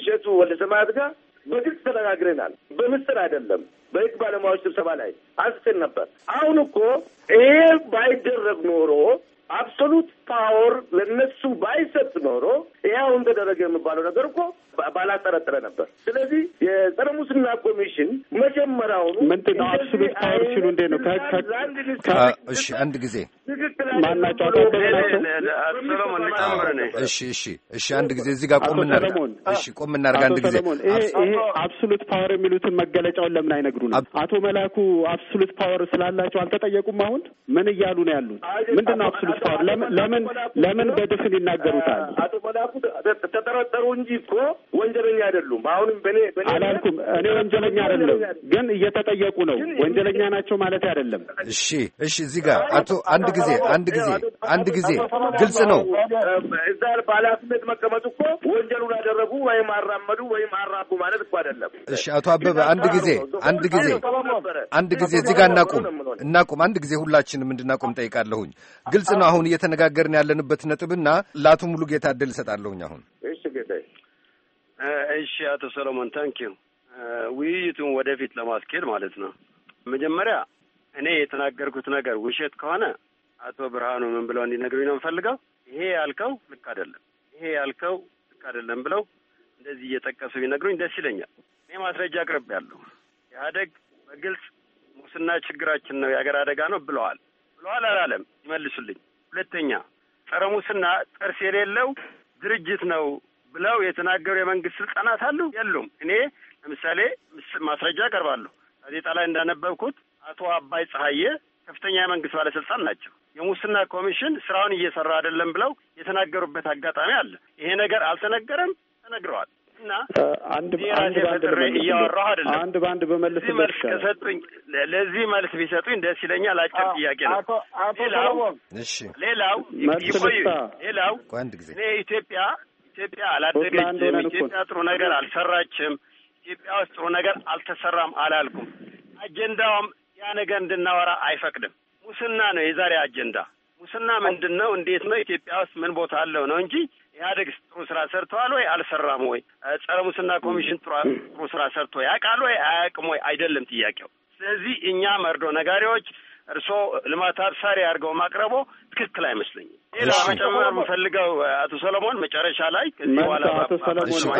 እሸቱ ወልደ ሰማያት ጋር በግልጽ ተነጋግረናል። በምስር አይደለም፣ በህግ ባለሙያዎች ስብሰባ ላይ አንስተን ነበር። አሁን እኮ ይሄ ባይደረግ ኖሮ አብሶሉት ፓወር ለነሱ ባይሰጥ ኖሮ ይኸው እንደደረገ የሚባለው ነገር እኮ ባላጠረጠረ ነበር። ስለዚህ የጸረ ሙስና ኮሚሽን መጀመሪያውኑ ምንድን ነው አብሶሉት ፓወር ሲሉ እንዴ ነው አንድ ጊዜ እሺ፣ እሺ፣ እሺ፣ አንድ ጊዜ እዚህ ጋር ቆም እናድርግ። እሺ፣ ቆም እናድርግ። አንድ ጊዜ ይሄ አብሶሉት ፓወር የሚሉትን መገለጫውን ለምን አይነግሩንም? አቶ መላኩ አብሶሉት ፓወር ስላላቸው አልተጠየቁም። አሁን ምን እያሉ ነው ያሉት? ምንድን ነው አብሶሉት ፓወር? ለምን ለምን በድፍን ይናገሩታል? አቶ መላኩ ራሱ ተጠረጠሩ እንጂ እኮ ወንጀለኛ አይደሉም። አሁንም በኔ አላልኩም። እኔ ወንጀለኛ አይደለም፣ ግን እየተጠየቁ ነው። ወንጀለኛ ናቸው ማለት አይደለም። እሺ፣ እሺ። እዚህ ጋር አቶ አንድ ጊዜ አንድ ጊዜ አንድ ጊዜ ግልጽ ነው። እዛ በኃላፊነት መቀመጡ እኮ ወንጀሉን አደረጉ ወይም አራመዱ ወይም አራቡ ማለት እኮ አይደለም። እሺ፣ አቶ አበበ አንድ ጊዜ አንድ ጊዜ አንድ ጊዜ እዚህ ጋር እናቁም እናቁም። አንድ ጊዜ ሁላችንም እንድናቁም ጠይቃለሁኝ። ግልጽ ነው አሁን እየተነጋገርን ያለንበት ነጥብና ለአቶ ሙሉ ጌታ እድል እሰጣለሁኝ አሁን። እሺ አቶ ሰሎሞን ታንኪዩ። ውይይቱን ወደፊት ለማስኬድ ማለት ነው። መጀመሪያ እኔ የተናገርኩት ነገር ውሸት ከሆነ አቶ ብርሃኑ ምን ብለው እንዲነግሩኝ ነው የምፈልገው። ይሄ ያልከው ልክ አይደለም፣ ይሄ ያልከው ልክ አይደለም ብለው እንደዚህ እየጠቀሱ ቢነግሩኝ ደስ ይለኛል። እኔ ማስረጃ አቅርቤያለሁ። ኢህአደግ በግልጽ ሙስና ችግራችን ነው፣ የሀገር አደጋ ነው ብለዋል። ብለዋል አላለም? ይመልሱልኝ። ሁለተኛ ጸረ ሙስና ጥርስ የሌለው ድርጅት ነው ብለው የተናገሩ የመንግስት ስልጣናት አሉ የሉም? እኔ ለምሳሌ ማስረጃ አቀርባለሁ። ጋዜጣ ላይ እንዳነበብኩት አቶ አባይ ፀሐዬ ከፍተኛ የመንግስት ባለስልጣን ናቸው። የሙስና ኮሚሽን ስራውን እየሰራ አይደለም ብለው የተናገሩበት አጋጣሚ አለ። ይሄ ነገር አልተነገረም፣ ተነግረዋል። አንድ እያወራሁ አንድ በአንድ በመልስ ለዚህ መልስ ቢሰጡኝ ደስ ይለኛል። አጭር ጥያቄ ነው። ሌላው ሌላው እኔ ኢትዮጵያ ኢትዮጵያ አላደገችም፣ ኢትዮጵያ ጥሩ ነገር አልሰራችም፣ ኢትዮጵያ ውስጥ ጥሩ ነገር አልተሰራም አላልኩም። አጀንዳውም ያ ነገር እንድናወራ አይፈቅድም። ሙስና ነው የዛሬ አጀንዳ። ሙስና ምንድን ነው? እንዴት ነው? ኢትዮጵያ ውስጥ ምን ቦታ አለው ነው እንጂ ኢህአዴግ ጥሩ ስራ ሰርተዋል ወይ አልሰራም ወይ? ጸረ ሙስና ኮሚሽን ጥሩ ስራ ሰርቶ ያውቃል ወይ አያውቅም ወይ? አይደለም ጥያቄው። ስለዚህ እኛ መርዶ ነጋሪዎች እርስዎ ልማት አብሳሪ አድርገው ማቅረቦ ትክክል አይመስለኝም። ሌላ መጨመር የምፈልገው አቶ ሰለሞን መጨረሻ ላይ ከዚህ በኋላ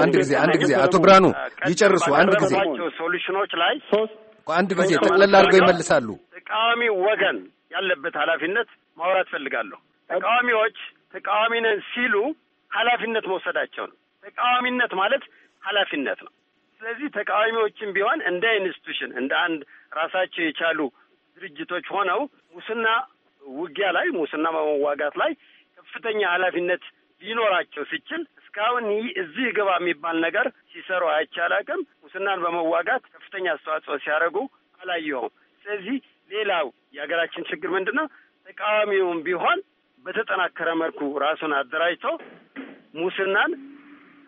አንድ ጊዜ አንድ ጊዜ አቶ ብርሃኑ ይጨርሱ። አንድ ጊዜ ሶሉሽኖች ላይ አንድ ጊዜ ጠቅለል አድርገው ይመልሳሉ። ተቃዋሚ ወገን ያለበት ኃላፊነት ማውራት ፈልጋለሁ። ተቃዋሚዎች ተቃዋሚ ነን ሲሉ ኃላፊነት መውሰዳቸው ነው። ተቃዋሚነት ማለት ኃላፊነት ነው። ስለዚህ ተቃዋሚዎችም ቢሆን እንደ ኢንስቲቱሽን እንደ አንድ ራሳቸው የቻሉ ድርጅቶች ሆነው ሙስና ውጊያ ላይ ሙስና በመዋጋት ላይ ከፍተኛ ኃላፊነት ሊኖራቸው ሲችል እስካሁን እዚህ ግባ የሚባል ነገር ሲሰሩ አይቻላቅም። ሙስናን በመዋጋት ከፍተኛ አስተዋጽኦ ሲያደርጉ አላየውም። ስለዚህ ሌላው የሀገራችን ችግር ምንድን ነው? ተቃዋሚውም ቢሆን በተጠናከረ መልኩ ራሱን አደራጅተው ሙስናን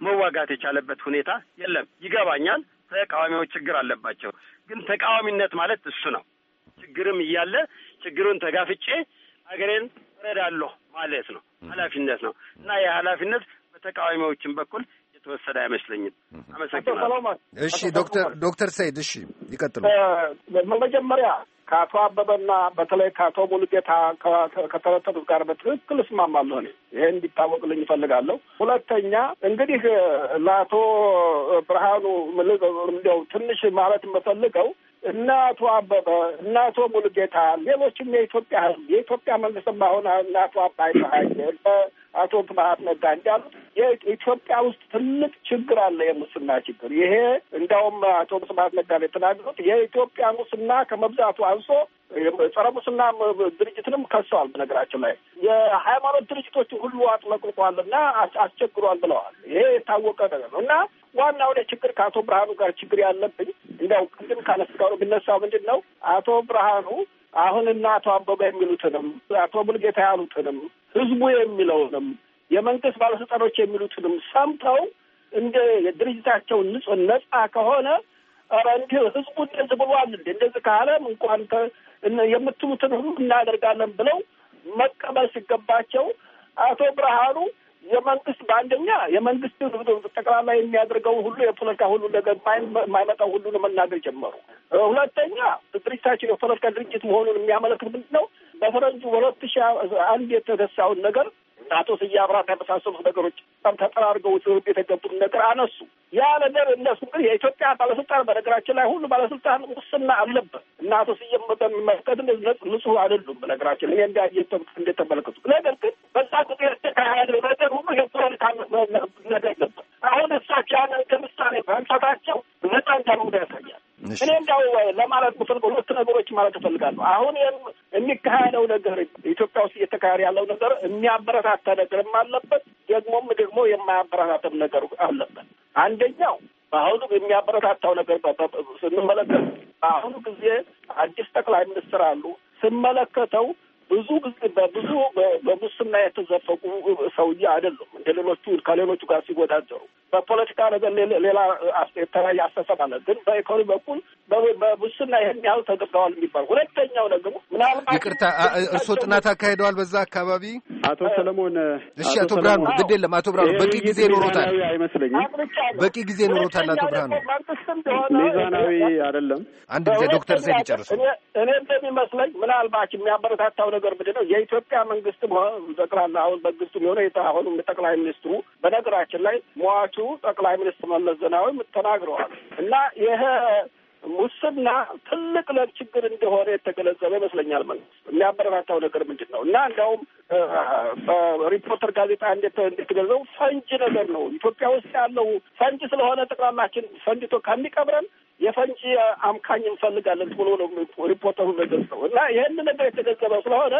መዋጋት የቻለበት ሁኔታ የለም። ይገባኛል፣ ተቃዋሚዎች ችግር አለባቸው። ግን ተቃዋሚነት ማለት እሱ ነው። ችግርም እያለ ችግሩን ተጋፍጬ ሀገሬን እረዳለሁ ማለት ነው። ኃላፊነት ነው እና የኃላፊነት በተቃዋሚዎችን በኩል የተወሰደ አይመስለኝም። አመሰግናለሁ። እሺ ዶክተር ዶክተር ሰይድ እሺ ይቀጥሉ። መጀመሪያ ከአቶ አበበና በተለይ ከአቶ ሙሉጌታ ከተረተቱት ጋር በትክክል እስማማለሁ። እኔ ይሄ እንዲታወቅልኝ እፈልጋለሁ። ሁለተኛ እንግዲህ ለአቶ ብርሃኑ እንዲያው ትንሽ ማለት የምፈልገው እነ አቶ አበበ እነ አቶ ሙሉጌታ ሌሎችም የኢትዮጵያ ህዝብ የኢትዮጵያ መንግስትም አሁን እነ አቶ አባይ ፀሐይ አቶ ግብአት ነጋ እንዳሉት የኢትዮጵያ ውስጥ ትልቅ ችግር አለ፣ የሙስና ችግር። ይሄ እንዲያውም አቶ ግብአት ነጋ የተናገሩት የኢትዮጵያ ሙስና ከመብዛቱ አንሶ ጸረ ሙስና ድርጅትንም ከሰዋል። በነገራችን ላይ የሃይማኖት ድርጅቶች ሁሉ አጥለቅልቋል እና አስቸግሯል ብለዋል። ይሄ የታወቀ ነገር ነው እና ዋና ወደ ችግር ከአቶ ብርሃኑ ጋር ችግር ያለብኝ እንዲያው ቅድም ካነስጋሩ ቢነሳ ምንድን ነው አቶ ብርሃኑ አሁንና አቶ አበበ የሚሉትንም አቶ ሙልጌታ ያሉትንም ህዝቡ የሚለውንም የመንግስት ባለስልጣኖች የሚሉትንም ሰምተው እንደ ድርጅታቸው ንጹህ ነጻ ከሆነ ኧረ እንዲህ ህዝቡ እንደዚህ ብሏል እንደ እንደዚህ ካለም እንኳን የምትሉትን ሁሉ እናደርጋለን ብለው መቀበል ሲገባቸው አቶ ብርሃኑ የመንግስት በአንደኛ የመንግስት ጠቅላላ የሚያደርገው ሁሉ የፖለቲካ ሁሉ ነገር የማይመጣው ሁሉን መናገር ጀመሩ። ሁለተኛ ድርጅታችን የፖለቲካ ድርጅት መሆኑን የሚያመለክት ምንድን ነው? በፈረንጁ ሁለት ሺህ አንድ የተነሳውን ነገር አቶ ስዬ አብራት ነገሮች በጣም ተጠራርገው ሲወዱ የተገቡት ነገር አነሱ። ያ ነገር እነሱ ግን የኢትዮጵያ ባለስልጣን በነገራችን ላይ ሁሉ ባለስልጣን ሙስና አለበት እና አቶ ስዬም በሚመለከት ንጹህ አይደሉም። በነገራችን እኔ እንደተመለከቱ ነገር ግን በዛ ጊዜ የተካሄደው ነገር ሁሉ የፖለቲካ ነገር ነበር። አሁን እሳቸው ያንን ከምሳሌ ማንሳታቸው ነጻ እንዳልሆነ ያሳያል። እኔ እንዲያው ለማለት ብፈልገው ሁለት ነገሮች ማለት እፈልጋለሁ። አሁን የሚካሄደው ነገር ኢትዮጵያ ውስጥ እየተካሄደ ያለው ነገር የሚያበረታታ ነገርም አለበት፣ ደግሞም ደግሞ የማያበረታታም ነገር አለበት። አንደኛው በአሁኑ የሚያበረታታው ነገር ስንመለከት በአሁኑ ጊዜ አዲስ ጠቅላይ ሚኒስትር አሉ ስመለከተው ብዙ ጊዜ በብዙ በሙስና የተዘፈቁ ሰውዬ አይደሉም። እንደ ሌሎቹ ከሌሎቹ ጋር ሲወዳደሩ በፖለቲካ ነገር ሌላ የተለያየ አስተሳሰብ አለ። ግን በኢኮኖሚ በኩል በሙስና ይህን ያህል ተገብተዋል የሚባል ሁለተኛው ደግሞ ምናልባት ይቅርታ፣ እርስዎ ጥናት አካሂደዋል በዛ አካባቢ አቶ ሰለሞን? እሺ፣ አቶ ብርሃኑ ግድ የለም አቶ ብርሃኑ በቂ ጊዜ ኖሮታል አይመስለኝም። በቂ ጊዜ ኖሮታል አቶ ብርሃኑ። ሚዛናዊ አይደለም። አንድ ጊዜ ዶክተር ዜን ይጨርሱ። እኔ እንደሚመስለኝ ምናልባት የሚያበረታታው ነገር ምንድን ነው የኢትዮጵያ መንግስትም ጠቅላላ አሁን መንግስቱ የሆነ አሁኑ ጠቅላይ ሚኒስትሩ በነገራችን ላይ ሟቹ ጠቅላይ ሚኒስትር መለስ ዜናዊ ተናግረዋል እና ይሄ ሙስና ትልቅ ችግር እንደሆነ የተገነዘበ ይመስለኛል። መንግስት የሚያበረታታው ነገር ምንድን ነው? እና እንዲያውም በሪፖርተር ጋዜጣ እንደተገለጸው ፈንጅ ነገር ነው። ኢትዮጵያ ውስጥ ያለው ፈንጅ ስለሆነ ጠቅላላችን ፈንጅቶ ከሚቀብረን የፈንጂ አምካኝ እንፈልጋለን ብሎ ነው ሪፖርተሩ ነው እና ይህን ነገር የተገንዘበ ስለሆነ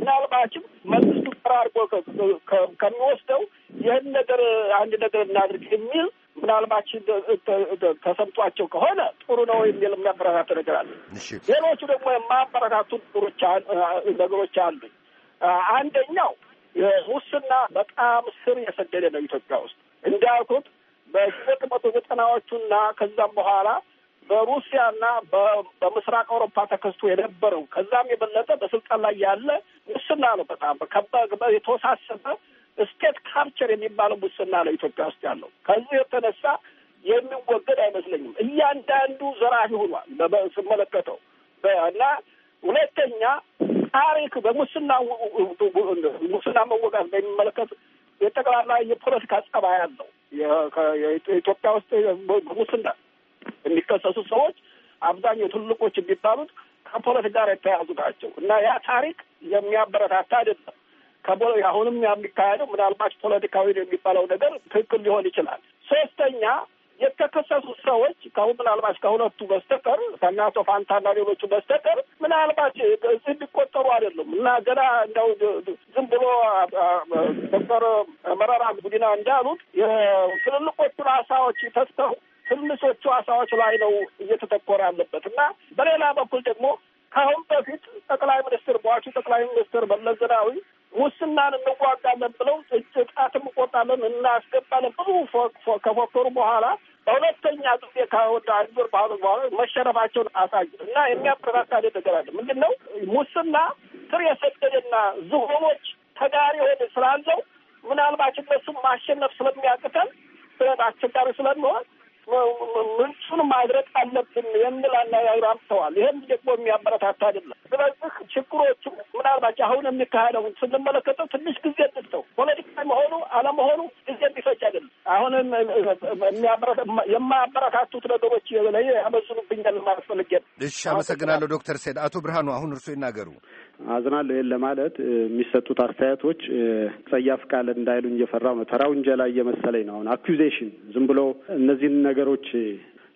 ምናልባችም መንግስቱ ተራርጎ ከሚወስደው ይህን ነገር አንድ ነገር እናድርግ የሚል ምናልባት ተሰምጧቸው ከሆነ ጥሩ ነው የሚል የሚያበረታቱ ነገር አለ። ሌሎቹ ደግሞ የማያበረታቱ ነገሮች አሉ። አንደኛው ሙስና በጣም ስር የሰደደ ነው ኢትዮጵያ ውስጥ እንዳልኩት በዘጠኝ መቶ ዘጠናዎቹና ከዛም በኋላ በሩሲያና በምስራቅ አውሮፓ ተከስቶ የነበረው ከዛም የበለጠ በስልጣን ላይ ያለ ሙስና ነው። በጣም የተወሳሰበ ስቴት ካፕቸር የሚባለው ሙስና ነው ኢትዮጵያ ውስጥ ያለው። ከዚህ የተነሳ የሚወገድ አይመስለኝም። እያንዳንዱ ዘራፊ ሆኗል ስመለከተው እና ሁለተኛ ታሪክ በሙስና ሙስና መወጋት በሚመለከት የጠቅላላ የፖለቲካ ጸባይ አለው። ኢትዮጵያ ውስጥ በሙስና የሚከሰሱ ሰዎች አብዛኛው ትልቆች የሚባሉት ከፖለቲካ ጋር የተያዙ ናቸው እና ያ ታሪክ የሚያበረታታ አይደለም። ከቦለ አሁንም የሚካሄደው ምናልባት ፖለቲካዊ ነው የሚባለው ነገር ትክክል ሊሆን ይችላል። ሶስተኛ የተከሰሱ ሰዎች ከአሁን ምናልባት ከሁለቱ በስተቀር ከእነ አቶ ፋንታና ሌሎቹ በስተቀር ምናልባት እዚህ የሚቆጠሩ አይደሉም እና ገና እንደው ዝም ብሎ ዶክተር መረራ ጉዲና እንዳሉት የትልልቆቹን አሳዎች ተስተው ትንሾቹ አሳዎች ላይ ነው እየተተኮረ ያለበት እና በሌላ በኩል ደግሞ ከአሁን በፊት ጠቅላይ ሚኒስትር በዋቹ ጠቅላይ ሚኒስትር መለስ ዜናዊ ሙስናን እንዋጋለን ብለው ጥቃትም ቆጣለን እናስገባለን ብዙ ከፎከሩ በኋላ በሁለተኛ ጊዜ ከወደ አንድ ወር ባህሉ በኋላ መሸረፋቸውን አሳዩ እና የሚያበረታታል ነገር አለ። ምንድን ነው ሙስና ስር የሰደደና ዝሆኖች ተጋሪ የሆነ ስላለው ምናልባት እነሱም ማሸነፍ ስለሚያቅተን አስቸጋሪ ስለሚሆን ምንሱን ማድረግ አለብን የሚል አነጋገር አምጥተዋል። ይህም ደግሞ የሚያበረታታ አይደለም። ስለዚህ ችግሮቹ ምናልባት አሁን የሚካሄደውን ስንመለከተው ትንሽ ጊዜ ጥልተው ፖለቲካ መሆኑ አለመሆኑ ጊዜ የሚፈጅ አይደለም። አሁንም የማያበረታቱት ነገሮች ላይ ያመዝኑብኛል ማለት ፈልጌ ነው። እሺ፣ አመሰግናለሁ ዶክተር ሴድ። አቶ ብርሃኑ አሁን እርሶ ይናገሩ። አዝናለሁ ይህን ለማለት የሚሰጡት አስተያየቶች ጸያፍ ቃል እንዳይሉኝ እየፈራው ነው። ተራ ውንጀላ እየመሰለኝ ነው። አሁን አኪዜሽን ዝም ብሎ እነዚህን ነገሮች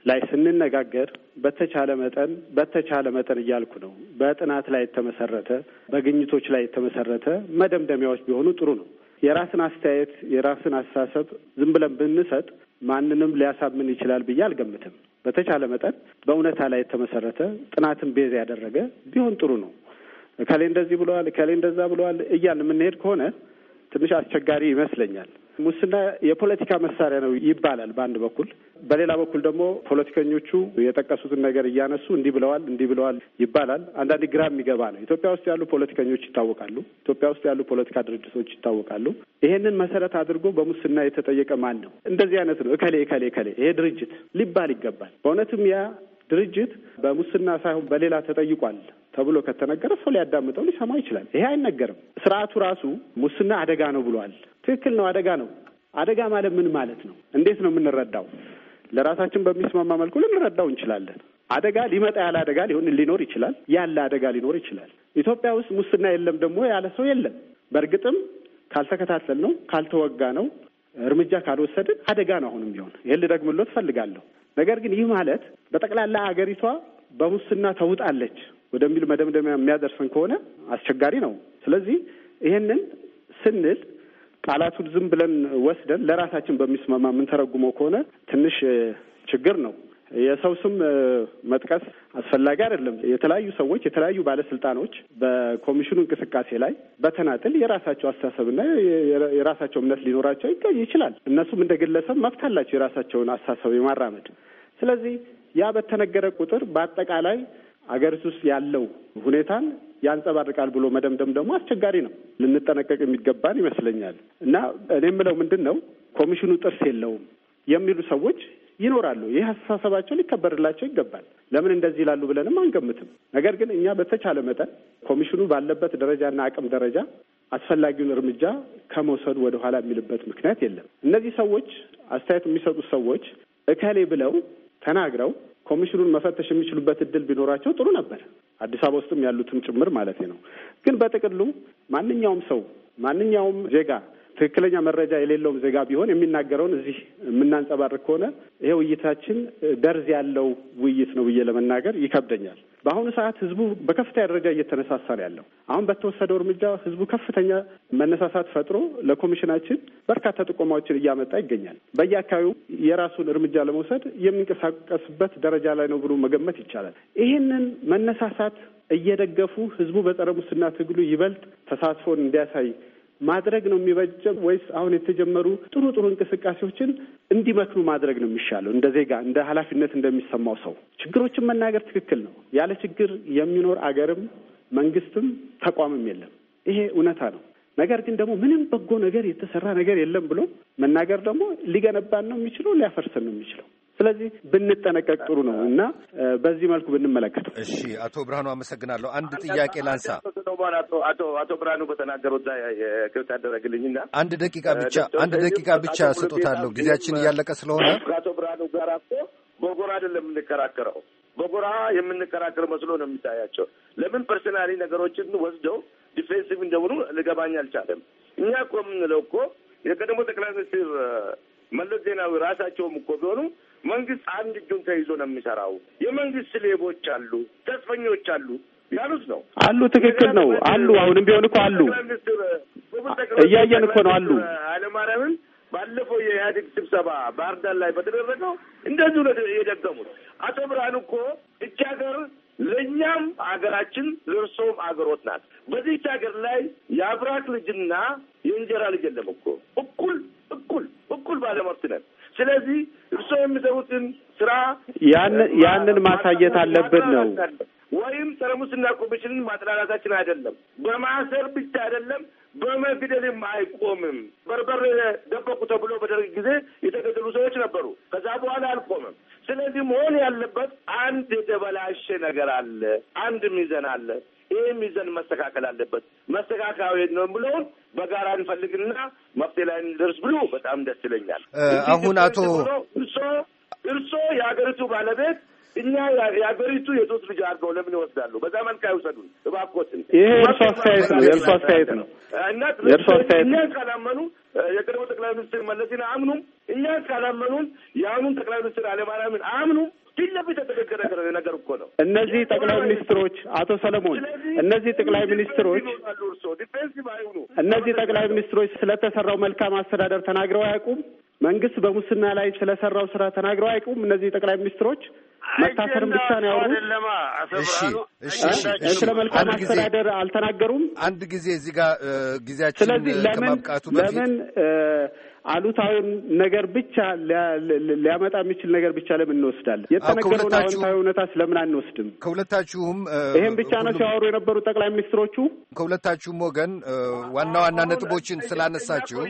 ላይ ስንነጋገር በተቻለ መጠን በተቻለ መጠን እያልኩ ነው፣ በጥናት ላይ የተመሰረተ በግኝቶች ላይ የተመሰረተ መደምደሚያዎች ቢሆኑ ጥሩ ነው። የራስን አስተያየት የራስን አስተሳሰብ ዝም ብለን ብንሰጥ ማንንም ሊያሳምን ይችላል ብዬ አልገምትም። በተቻለ መጠን በእውነታ ላይ የተመሰረተ ጥናትን ቤዝ ያደረገ ቢሆን ጥሩ ነው። እከሌ እንደዚህ ብለዋል፣ እከሌ እንደዛ ብለዋል እያልን የምንሄድ ከሆነ ትንሽ አስቸጋሪ ይመስለኛል። ሙስና የፖለቲካ መሳሪያ ነው ይባላል በአንድ በኩል፣ በሌላ በኩል ደግሞ ፖለቲከኞቹ የጠቀሱትን ነገር እያነሱ እንዲህ ብለዋል እንዲህ ብለዋል ይባላል። አንዳንድ ግራ የሚገባ ነው። ኢትዮጵያ ውስጥ ያሉ ፖለቲከኞች ይታወቃሉ። ኢትዮጵያ ውስጥ ያሉ ፖለቲካ ድርጅቶች ይታወቃሉ። ይሄንን መሰረት አድርጎ በሙስና የተጠየቀ ማን ነው? እንደዚህ አይነት ነው እከሌ እከሌ እከሌ ይሄ ድርጅት ሊባል ይገባል። በእውነትም ያ ድርጅት በሙስና ሳይሆን በሌላ ተጠይቋል ተብሎ ከተነገረ ሰው ሊያዳምጠው ሊሰማ ይችላል። ይሄ አይነገርም። ስርዓቱ ራሱ ሙስና አደጋ ነው ብሏል። ትክክል ነው፣ አደጋ ነው። አደጋ ማለት ምን ማለት ነው? እንዴት ነው የምንረዳው? ለራሳችን በሚስማማ መልኩ ልንረዳው እንችላለን። አደጋ ሊመጣ ያለ አደጋ ሊሆን ሊኖር ይችላል፣ ያለ አደጋ ሊኖር ይችላል። ኢትዮጵያ ውስጥ ሙስና የለም ደግሞ ያለ ሰው የለም። በእርግጥም ካልተከታተል ነው ካልተወጋ ነው እርምጃ ካልወሰድን አደጋ ነው አሁንም ቢሆን ይህን ልደግምሎ ትፈልጋለሁ። ነገር ግን ይህ ማለት በጠቅላላ አገሪቷ በሙስና ተውጣለች ወደሚል መደምደሚያ የሚያደርሰን ከሆነ አስቸጋሪ ነው። ስለዚህ ይህንን ስንል ቃላቱን ዝም ብለን ወስደን ለራሳችን በሚስማማ የምንተረጉመው ከሆነ ትንሽ ችግር ነው። የሰው ስም መጥቀስ አስፈላጊ አይደለም። የተለያዩ ሰዎች የተለያዩ ባለስልጣኖች በኮሚሽኑ እንቅስቃሴ ላይ በተናጥል የራሳቸው አስተሳሰብና የራሳቸው እምነት ሊኖራቸው ይችላል። እነሱም እንደ ግለሰብ መብት አላቸው የራሳቸውን አስተሳሰብ የማራመድ። ስለዚህ ያ በተነገረ ቁጥር በአጠቃላይ አገሪቱ ውስጥ ያለው ሁኔታን ያንጸባርቃል ብሎ መደምደም ደግሞ አስቸጋሪ ነው። ልንጠነቀቅ የሚገባን ይመስለኛል። እና እኔ የምለው ምንድን ነው ኮሚሽኑ ጥርስ የለውም የሚሉ ሰዎች ይኖራሉ። ይህ አስተሳሰባቸው ሊከበርላቸው ይገባል። ለምን እንደዚህ ይላሉ ብለንም አንገምትም። ነገር ግን እኛ በተቻለ መጠን ኮሚሽኑ ባለበት ደረጃና አቅም ደረጃ አስፈላጊውን እርምጃ ከመውሰዱ ወደኋላ የሚልበት ምክንያት የለም። እነዚህ ሰዎች አስተያየት የሚሰጡት ሰዎች እከሌ ብለው ተናግረው ኮሚሽኑን መፈተሽ የሚችሉበት እድል ቢኖራቸው ጥሩ ነበር። አዲስ አበባ ውስጥም ያሉትም ጭምር ማለት ነው። ግን በጥቅሉ ማንኛውም ሰው ማንኛውም ዜጋ ትክክለኛ መረጃ የሌለውም ዜጋ ቢሆን የሚናገረውን እዚህ የምናንጸባርቅ ከሆነ ይሄ ውይይታችን ደርዝ ያለው ውይይት ነው ብዬ ለመናገር ይከብደኛል። በአሁኑ ሰዓት ህዝቡ በከፍተኛ ደረጃ እየተነሳሳ ነው ያለው። አሁን በተወሰደው እርምጃ ህዝቡ ከፍተኛ መነሳሳት ፈጥሮ ለኮሚሽናችን በርካታ ጥቆማዎችን እያመጣ ይገኛል። በየአካባቢው የራሱን እርምጃ ለመውሰድ የሚንቀሳቀስበት ደረጃ ላይ ነው ብሎ መገመት ይቻላል። ይህንን መነሳሳት እየደገፉ ህዝቡ በጸረ ሙስና ትግሉ ይበልጥ ተሳትፎን እንዲያሳይ ማድረግ ነው የሚበጀው ወይስ አሁን የተጀመሩ ጥሩ ጥሩ እንቅስቃሴዎችን እንዲመክኑ ማድረግ ነው የሚሻለው? እንደ ዜጋ እንደ ኃላፊነት እንደሚሰማው ሰው ችግሮችን መናገር ትክክል ነው። ያለ ችግር የሚኖር አገርም መንግስትም ተቋምም የለም። ይሄ እውነታ ነው። ነገር ግን ደግሞ ምንም በጎ ነገር የተሰራ ነገር የለም ብሎ መናገር ደግሞ ሊገነባን ነው የሚችለው ሊያፈርሰን ነው የሚችለው። ስለዚህ ብንጠነቀቅ ጥሩ ነው እና በዚህ መልኩ ብንመለከተው። እሺ፣ አቶ ብርሃኑ አመሰግናለሁ። አንድ ጥያቄ ላንሳ። አቶ ብርሃኑ በተናገሩት ላይ አንድ ደቂቃ ብቻ አንድ ደቂቃ ብቻ ስጦታለሁ፣ ጊዜያችን እያለቀ ስለሆነ ከአቶ ብርሃኑ ጋር እኮ በጎራ አይደለም የምንከራከረው በጎራ የምንከራከር መስሎ ነው የሚታያቸው። ለምን ፐርሰናሊ ነገሮችን ወስደው ዲፌንሲቭ እንደሆኑ ልገባኝ አልቻለም። እኛ እኮ የምንለው እኮ የቀድሞ ጠቅላይ ሚኒስትር መለስ ዜናዊ ራሳቸውም እኮ ቢሆኑ መንግስት አንድ እጁን ተይዞ ነው የሚሰራው። የመንግስት ሌቦች አሉ፣ ተስፈኞች አሉ ያሉት ነው አሉ። ትክክል ነው አሉ። አሁንም ቢሆን እኮ አሉ፣ እያየን እኮ ነው አሉ። ኃይለማርያምን ባለፈው የኢህአዴግ ስብሰባ ባህር ዳር ላይ በተደረገው እንደዚሁ የደገሙት አቶ ብርሃን እኮ እጅ ሀገር ለእኛም ሀገራችን ለእርሶም አገሮት ናት። በዚች ሀገር ላይ የአብራክ ልጅና የእንጀራ ልጅ የለም እኮ እኩል እኩል እኩል ባለመብት ነን። ስለዚህ እርሶ የሚሰሩትን ስራ ያንን ማሳየት አለብን ነው ወይም ጸረ ሙስና ኮሚሽንን ማጥላላታችን አይደለም። በማሰር ብቻ አይደለም፣ በመግደልም አይቆምም። በርበር ደበቁ ተብሎ በደርግ ጊዜ የተገደሉ ሰዎች ነበሩ። ከዛ በኋላ አልቆምም። ስለዚህ መሆን ያለበት አንድ የተበላሸ ነገር አለ፣ አንድ ሚዘን አለ። ይህ ሚዘን መስተካከል አለበት። መስተካከያዊ ነው ብለውን በጋራ እንፈልግና መፍትሄ ላይ እንደርስ ብሎ በጣም ደስ ይለኛል። አሁን አቶ እርሶ እርሶ የሀገሪቱ ባለቤት እኛ የሀገሪቱ የጡት ልጅ አድርገው ለምን ይወስዳሉ? በዛ መልክ አይውሰዱን እባኮትን። ይሄ የእርሶ አስተያየት ነው፣ የእርሶ አስተያየት ነው፣ የእርሶ አስተያየት እኛን ካላመኑ የቀድሞ ጠቅላይ ሚኒስትር መለስን አምኑም፣ እኛን ካላመኑን የአሁኑን ጠቅላይ ሚኒስትር አለማርያምን አምኑም ፊት ለፊት የተገገረ ነገር እኮ ነው። እነዚህ ጠቅላይ ሚኒስትሮች አቶ ሰለሞን፣ እነዚህ ጠቅላይ ሚኒስትሮች እነዚህ ጠቅላይ ሚኒስትሮች ስለተሰራው መልካም አስተዳደር ተናግረው አያውቁም። መንግስት በሙስና ላይ ስለሰራው ስራ ተናግረው አያውቁም። እነዚህ ጠቅላይ ሚኒስትሮች መታሰርም ብቻ ነው ያወሩት። ስለ መልካም አስተዳደር አልተናገሩም። አንድ ጊዜ እዚህ ጋር ጊዜያችን ስለዚህ ለምን ለምን አሉታዊውን ነገር ብቻ ሊያመጣ የሚችል ነገር ብቻ ለምን እንወስዳለን? የተነገረውን አዎንታዊ እውነታ ስለምን አንወስድም? ከሁለታችሁም ይህም ብቻ ነው ሲያወሩ የነበሩት ጠቅላይ ሚኒስትሮቹ። ከሁለታችሁም ወገን ዋና ዋና ነጥቦችን ስላነሳችሁ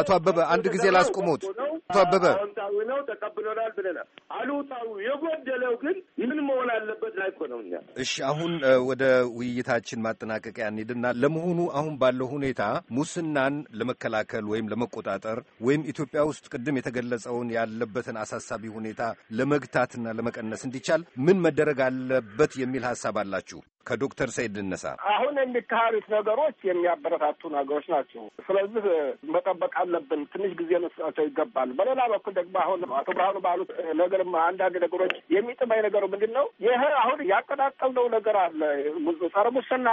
አቶ አበበ አንድ ጊዜ ላስቁሙት። አቶ አበበ አዎንታዊ ነው ተቀብሎናል ብለናል። አሉታዊ የጎደለው ግን ምን መሆን አለበት ላይ እኮ ነው እኛ። እሺ አሁን ወደ ውይይታችን ማጠናቀቂያ እንሂድና ለመሆኑ አሁን ባለው ሁኔታ ሙስናን ለመከላከል ወይም ለመቆጣጠር ወይም ኢትዮጵያ ውስጥ ቅድም የተገለጸውን ያለበትን አሳሳቢ ሁኔታ ለመግታትና ለመቀነስ እንዲቻል ምን መደረግ አለበት የሚል ሀሳብ አላችሁ? ከዶክተር ሰይድ እነሳ አሁን የሚካሄዱት ነገሮች የሚያበረታቱ ነገሮች ናቸው። ስለዚህ መጠበቅ አለብን። ትንሽ ጊዜ መስጠቸው ይገባል። በሌላ በኩል ደግሞ አሁን አቶ ብርሃኑ ባሉት ነገርም አንዳንድ ነገሮች የሚጥመኝ ነገሩ ምንድን ነው? ይህ አሁን ያቀጣጠልነው ነገር አለ። ጸረ ሙስና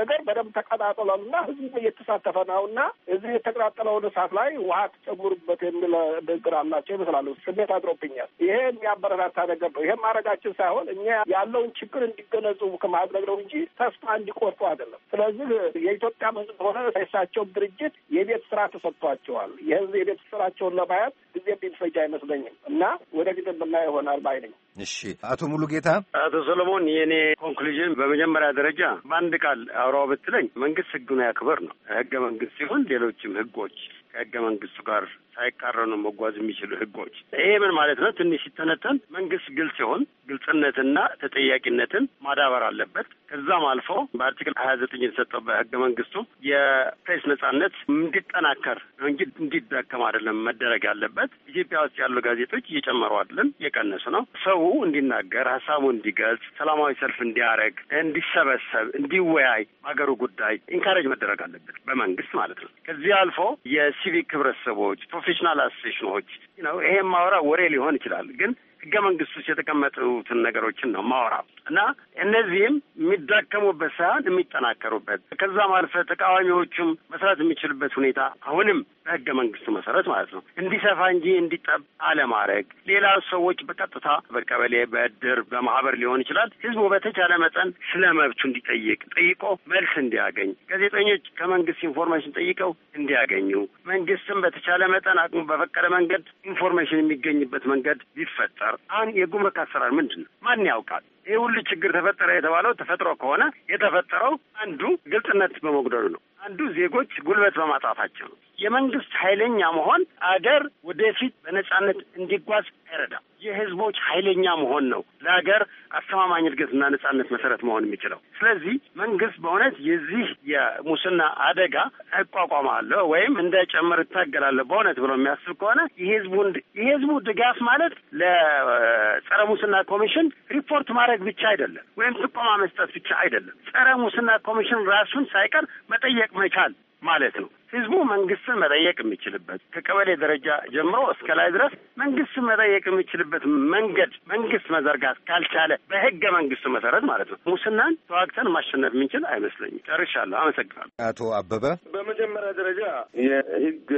ነገር በደንብ ተቀጣጥሏል እና ህዝቡ እየተሳተፈ ነው እና እዚህ የተቀጣጠለውን እሳት ላይ ውሃ ተጨምሩበት የሚል ንግግር አላቸው ይመስላሉ። ስሜት አድሮብኛል። ይሄ የሚያበረታታ ነገር ነው። ይሄ ማድረጋችን ሳይሆን እኛ ያለውን ችግር እንዲገነጹ ከማድረግ ነው እንጂ ተስፋ እንዲቆርጡ አይደለም። ስለዚህ የኢትዮጵያ መንግስት ሆነ የእሳቸውም ድርጅት የቤት ስራ ተሰጥቷቸዋል። የህዝብ የቤት ስራቸውን ለማየት ጊዜ የሚፈጅ አይመስለኝም እና ወደፊት የምናየው ይሆናል ባይ እሺ፣ አቶ ሙሉ ጌታ። አቶ ሰለሞን፣ የእኔ ኮንክሉዥን በመጀመሪያ ደረጃ በአንድ ቃል አውራው ብትለኝ መንግስት ህግን ያክበር ነው። ህገ መንግስት ሲሆን ሌሎችም ህጎች ከህገ መንግስቱ ጋር ሳይቃረኑ መጓዝ የሚችሉ ህጎች። ይሄ ምን ማለት ነው? ትንሽ ሲተነተን መንግስት ግልጽ ሲሆን ግልጽነትና ተጠያቂነትን ማዳበር አለበት። ከዛም አልፎ በአርቲክል ሀያ ዘጠኝ የተሰጠው በህገ መንግስቱ የፕሬስ ነጻነት እንዲጠናከር እንጂ እንዲዳከም አይደለም መደረግ ያለበት። ኢትዮጵያ ውስጥ ያሉ ጋዜጦች እየጨመሩ አይደለም እየቀነሱ ነው። ሰው እንዲናገር፣ ሀሳቡ እንዲገልጽ፣ ሰላማዊ ሰልፍ እንዲያደርግ፣ እንዲሰበሰብ፣ እንዲወያይ በሀገሩ ጉዳይ ኢንካሬጅ መደረግ አለበት በመንግስት ማለት ነው። ከዚህ አልፎ የሲቪክ ህብረተሰቦች ፕሮፌሽናል አሶሴሽኖች ነው። ይሄ ማውራ ወሬ ሊሆን ይችላል ግን ህገ መንግስት ውስጥ የተቀመጡትን ነገሮችን ነው ማወራው እና እነዚህም የሚዳከሙበት ሳይሆን የሚጠናከሩበት ከዛም አልፈ ተቃዋሚዎቹም መስራት የሚችልበት ሁኔታ አሁንም በህገ መንግስቱ መሰረት ማለት ነው እንዲሰፋ እንጂ እንዲጠብ አለማድረግ። ሌላ ሰዎች በቀጥታ በቀበሌ በእድር በማህበር ሊሆን ይችላል። ህዝቡ በተቻለ መጠን ስለ መብቱ እንዲጠይቅ ጠይቆ መልስ እንዲያገኝ፣ ጋዜጠኞች ከመንግስት ኢንፎርሜሽን ጠይቀው እንዲያገኙ፣ መንግስትም በተቻለ መጠን አቅሙ በፈቀደ መንገድ ኢንፎርሜሽን የሚገኝበት መንገድ ቢፈጠር አሰራር፣ የጉምሩክ አሰራር ምንድን ነው? ማን ያውቃል? ይህ ሁሉ ችግር ተፈጠረ የተባለው ተፈጥሮ ከሆነ የተፈጠረው አንዱ ግልጽነት በመጉደሉ ነው። አንዱ ዜጎች ጉልበት በማጣታቸው ነው። የመንግስት ኃይለኛ መሆን አገር ወደፊት በነጻነት እንዲጓዝ አይረዳም። የህዝቦች ኃይለኛ መሆን ነው ለሀገር አስተማማኝ እድገትና ነጻነት መሰረት መሆን የሚችለው። ስለዚህ መንግስት በእውነት የዚህ የሙስና አደጋ እቋቋማለሁ ወይም እንዳይጨምር እታገላለሁ በእውነት ብሎ የሚያስብ ከሆነ የህዝቡ የህዝቡ ድጋፍ ማለት ለጸረ ሙስና ኮሚሽን ሪፖርት ማድረግ ማድረግ ብቻ አይደለም፣ ወይም ጥቆማ መስጠት ብቻ አይደለም። ጸረ ሙስና ኮሚሽን ራሱን ሳይቀር መጠየቅ መቻል ማለት ነው። ህዝቡ መንግስትን መጠየቅ የሚችልበት ከቀበሌ ደረጃ ጀምሮ እስከ ላይ ድረስ መንግስት መጠየቅ የሚችልበት መንገድ መንግስት መዘርጋት ካልቻለ በህገ መንግስቱ መሰረት ማለት ነው ሙስናን ተዋግተን ማሸነፍ የምንችል አይመስለኝም። ጨርሻለሁ። አመሰግናለሁ። አቶ አበበ፣ በመጀመሪያ ደረጃ የህግ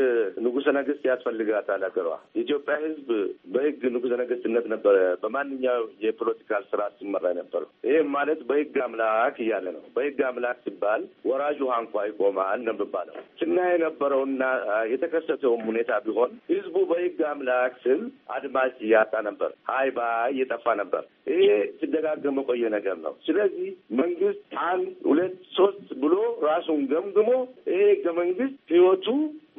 ንጉሰ ነገስት ያስፈልጋታል ሀገሯ የኢትዮጵያ ህዝብ በህግ ንጉሰ ነገስትነት ነበረ በማንኛው የፖለቲካል ስርዓት ሲመራ ነበረው። ይህም ማለት በህግ አምላክ እያለ ነው። በህግ አምላክ ሲባል ወራጅ ውሃ እንኳ ይቆማል ነው የሚባለው ኦሮሚያ የነበረውና የተከሰተውም ሁኔታ ቢሆን ህዝቡ በህግ አምላክ ስም አድማጭ እያጣ ነበር። ሀይ ባይ እየጠፋ ነበር። ይሄ ሲደጋገም መቆየ ነገር ነው። ስለዚህ መንግስት አንድ ሁለት ሶስት ብሎ ራሱን ገምግሞ ይሄ ህገ መንግስት ህይወቱ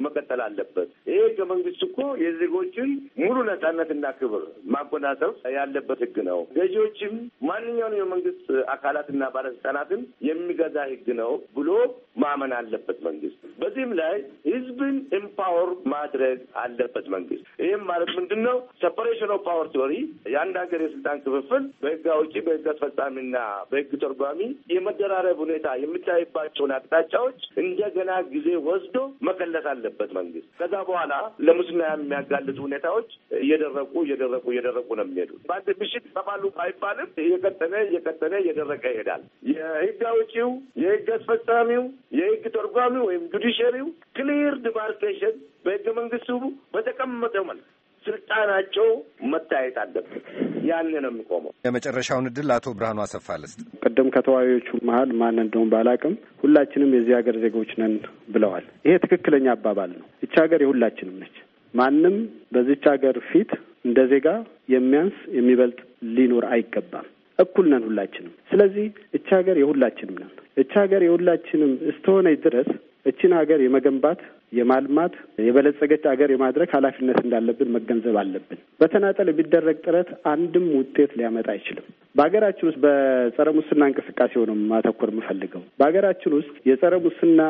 መቀጠል አለበት። ይሄ ህገ መንግስት እኮ የዜጎችን ሙሉ ነጻነትና ክብር ማጎናጸፍ ያለበት ህግ ነው። ገዢዎችም ማንኛውንም የመንግስት አካላትና ባለስልጣናትን የሚገዛ ህግ ነው ብሎ ማመን አለበት መንግስት። በዚህም ላይ ህዝብን ኤምፓወር ማድረግ አለበት መንግስት። ይህም ማለት ምንድን ነው? ሰፐሬሽን ኦፍ ፓወር ቲዎሪ የአንድ ሀገር የስልጣን ክፍፍል በህግ አውጪ፣ በህግ አስፈጻሚና በህግ ተርጓሚ የመደራረብ ሁኔታ የሚታይባቸውን አቅጣጫዎች እንደገና ጊዜ ወስዶ መከለስ አለ አለበት መንግስት። ከዛ በኋላ ለሙስና የሚያጋልጡ ሁኔታዎች እየደረቁ እየደረቁ እየደረቁ ነው የሚሄዱ። በአንድ ምሽት ይጠፋሉ ባይባልም እየቀጠለ እየቀጠለ እየደረቀ ይሄዳል። የህግ አውጪው፣ የህግ አስፈጻሚው፣ የህግ ተርጓሚው ወይም ጁዲሽሪው ክሊር ዲማርኬሽን በህገ መንግስቱ በተቀመጠው መልክ ስልጣናቸው መታየት አለበት። ያን ነው የሚቆመው። የመጨረሻውን እድል አቶ ብርሃኑ አሰፋ ልስጥ። ቅድም ከተወያዮቹ መሀል ማን እንደውም ባላቅም ሁላችንም የዚህ ሀገር ዜጎች ነን ብለዋል። ይሄ ትክክለኛ አባባል ነው። ይቺ ሀገር የሁላችንም ነች። ማንም በዚች ሀገር ፊት እንደ ዜጋ የሚያንስ የሚበልጥ ሊኖር አይገባም። እኩል ነን ሁላችንም። ስለዚህ እቺ ሀገር የሁላችንም ነን። እቺ ሀገር የሁላችንም እስተሆነች ድረስ እቺን ሀገር የመገንባት የማልማት የበለጸገች አገር የማድረግ ኃላፊነት እንዳለብን መገንዘብ አለብን። በተናጠል የሚደረግ ጥረት አንድም ውጤት ሊያመጣ አይችልም። በሀገራችን ውስጥ በጸረ ሙስና እንቅስቃሴው ነው ማተኮር የምፈልገው። በሀገራችን ውስጥ የጸረ ሙስና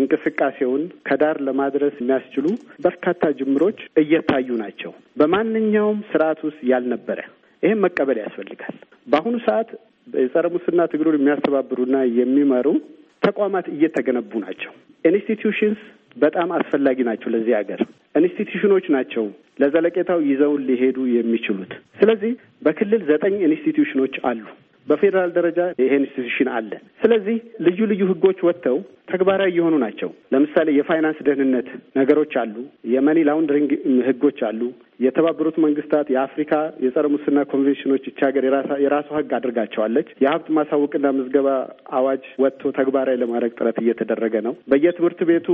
እንቅስቃሴውን ከዳር ለማድረስ የሚያስችሉ በርካታ ጅምሮች እየታዩ ናቸው። በማንኛውም ስርዓት ውስጥ ያልነበረ ይህም መቀበል ያስፈልጋል። በአሁኑ ሰዓት የጸረ ሙስና ትግሉን የሚያስተባብሩና የሚመሩ ተቋማት እየተገነቡ ናቸው። ኢንስቲትዩሽንስ በጣም አስፈላጊ ናቸው ለዚህ ሀገር። ኢንስቲትዩሽኖች ናቸው ለዘለቄታው ይዘውን ሊሄዱ የሚችሉት። ስለዚህ በክልል ዘጠኝ ኢንስቲትዩሽኖች አሉ። በፌዴራል ደረጃ ይሄ ኢንስቲትዩሽን አለ። ስለዚህ ልዩ ልዩ ህጎች ወጥተው ተግባራዊ የሆኑ ናቸው። ለምሳሌ የፋይናንስ ደህንነት ነገሮች አሉ። የመኒ ላውንድሪንግ ህጎች አሉ። የተባበሩት መንግስታት የአፍሪካ የጸረ ሙስና ኮንቬንሽኖች ይቺ ሀገር የራሷ ህግ አድርጋቸዋለች። የሀብት ማሳወቅና ምዝገባ አዋጅ ወጥቶ ተግባራዊ ለማድረግ ጥረት እየተደረገ ነው። በየትምህርት ቤቱ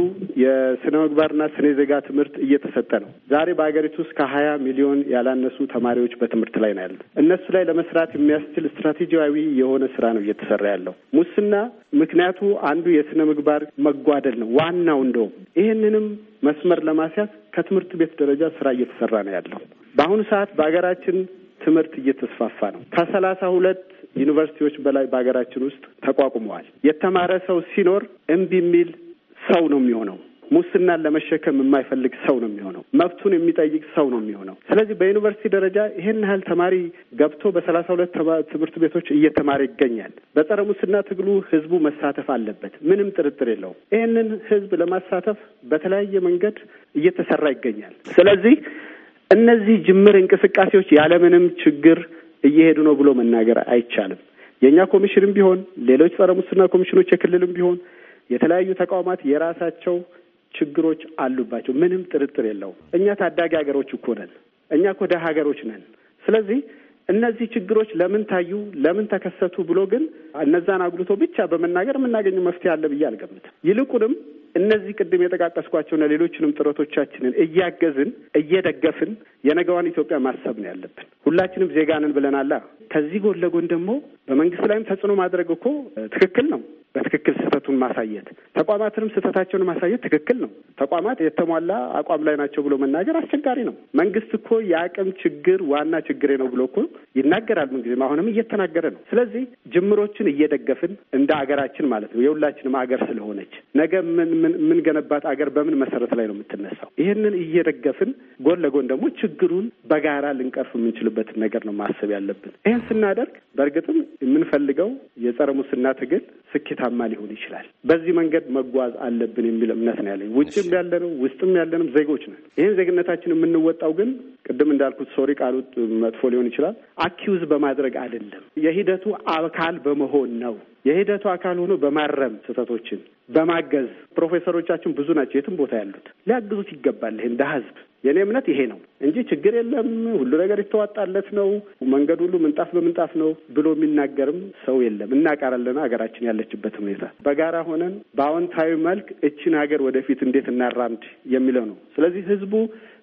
የስነ ምግባርና ስነ ዜጋ ትምህርት እየተሰጠ ነው። ዛሬ በሀገሪቱ ውስጥ ከሀያ ሚሊዮን ያላነሱ ተማሪዎች በትምህርት ላይ ነው ያሉት። እነሱ ላይ ለመስራት የሚያስችል ስትራቴጂያዊ የሆነ ስራ ነው እየተሰራ ያለው። ሙስና ምክንያቱ አንዱ የስነ ምግባር መጓደል ነው ዋናው እንደውም ይህንንም መስመር ለማስያዝ ከትምህርት ቤት ደረጃ ስራ እየተሰራ ነው ያለው። በአሁኑ ሰዓት በሀገራችን ትምህርት እየተስፋፋ ነው። ከሰላሳ ሁለት ዩኒቨርሲቲዎች በላይ በሀገራችን ውስጥ ተቋቁመዋል። የተማረ ሰው ሲኖር እምቢ የሚል ሰው ነው የሚሆነው። ሙስናን ለመሸከም የማይፈልግ ሰው ነው የሚሆነው። መብቱን የሚጠይቅ ሰው ነው የሚሆነው። ስለዚህ በዩኒቨርሲቲ ደረጃ ይህን ያህል ተማሪ ገብቶ በሰላሳ ሁለት ትምህርት ቤቶች እየተማረ ይገኛል። በጸረ ሙስና ትግሉ ህዝቡ መሳተፍ አለበት፣ ምንም ጥርጥር የለውም። ይህንን ህዝብ ለማሳተፍ በተለያየ መንገድ እየተሰራ ይገኛል። ስለዚህ እነዚህ ጅምር እንቅስቃሴዎች ያለምንም ችግር እየሄዱ ነው ብሎ መናገር አይቻልም። የእኛ ኮሚሽንም ቢሆን ሌሎች ጸረ ሙስና ኮሚሽኖች የክልልም ቢሆን የተለያዩ ተቋማት የራሳቸው ችግሮች አሉባቸው። ምንም ጥርጥር የለውም። እኛ ታዳጊ ሀገሮች እኮ ነን። እኛ እኮ ሀገሮች ነን። ስለዚህ እነዚህ ችግሮች ለምን ታዩ፣ ለምን ተከሰቱ ብሎ ግን እነዛን አጉልቶ ብቻ በመናገር የምናገኘው መፍትሄ አለ ብዬ አልገምትም። ይልቁንም እነዚህ ቅድም የጠቃቀስኳቸውና ሌሎችንም ጥረቶቻችንን እያገዝን እየደገፍን የነገዋን ኢትዮጵያ ማሰብ ነው ያለብን። ሁላችንም ዜጋንን ብለናላ። ከዚህ ጎን ለጎን ደግሞ በመንግስት ላይም ተጽዕኖ ማድረግ እኮ ትክክል ነው። በትክክል ስህተቱን ማሳየት፣ ተቋማትንም ስህተታቸውን ማሳየት ትክክል ነው። ተቋማት የተሟላ አቋም ላይ ናቸው ብሎ መናገር አስቸጋሪ ነው። መንግስት እኮ የአቅም ችግር ዋና ችግሬ ነው ብሎ እኮ ይናገራል። ምንጊዜም አሁንም እየተናገረ ነው። ስለዚህ ጅምሮችን እየደገፍን እንደ አገራችን ማለት ነው የሁላችንም አገር ስለሆነች ነገ ምን ምን የምንገነባት አገር በምን መሰረት ላይ ነው የምትነሳው? ይህንን እየደገፍን ጎን ለጎን ደግሞ ችግሩን በጋራ ልንቀርፍ የምንችልበትን ነገር ነው ማሰብ ያለብን። ይህን ስናደርግ በእርግጥም የምንፈልገው የጸረ ሙስና ትግል ስኬት ውጤታማ ሊሆን ይችላል። በዚህ መንገድ መጓዝ አለብን የሚል እምነት ነው ያለኝ። ውጭም ያለነው ውስጥም ያለንም ዜጎች ነን። ይህን ዜግነታችን የምንወጣው ግን ቅድም እንዳልኩት ሶሪ ቃሉ መጥፎ ሊሆን ይችላል፣ አኪውዝ በማድረግ አይደለም፣ የሂደቱ አካል በመሆን ነው። የሂደቱ አካል ሆኖ በማረም ስህተቶችን በማገዝ ፕሮፌሰሮቻችን ብዙ ናቸው፣ የትም ቦታ ያሉት ሊያግዙት ይገባል። እንደ ህዝብ የእኔ እምነት ይሄ ነው እንጂ ችግር የለም ሁሉ ነገር ይተዋጣለት ነው፣ መንገድ ሁሉ ምንጣፍ በምንጣፍ ነው ብሎ የሚናገርም ሰው የለም። እናቃራለን ሀገራችን ያለችበት ሁኔታ በጋራ ሆነን በአዎንታዊ መልክ እችን ሀገር ወደፊት እንዴት እናራምድ የሚለው ነው። ስለዚህ ህዝቡ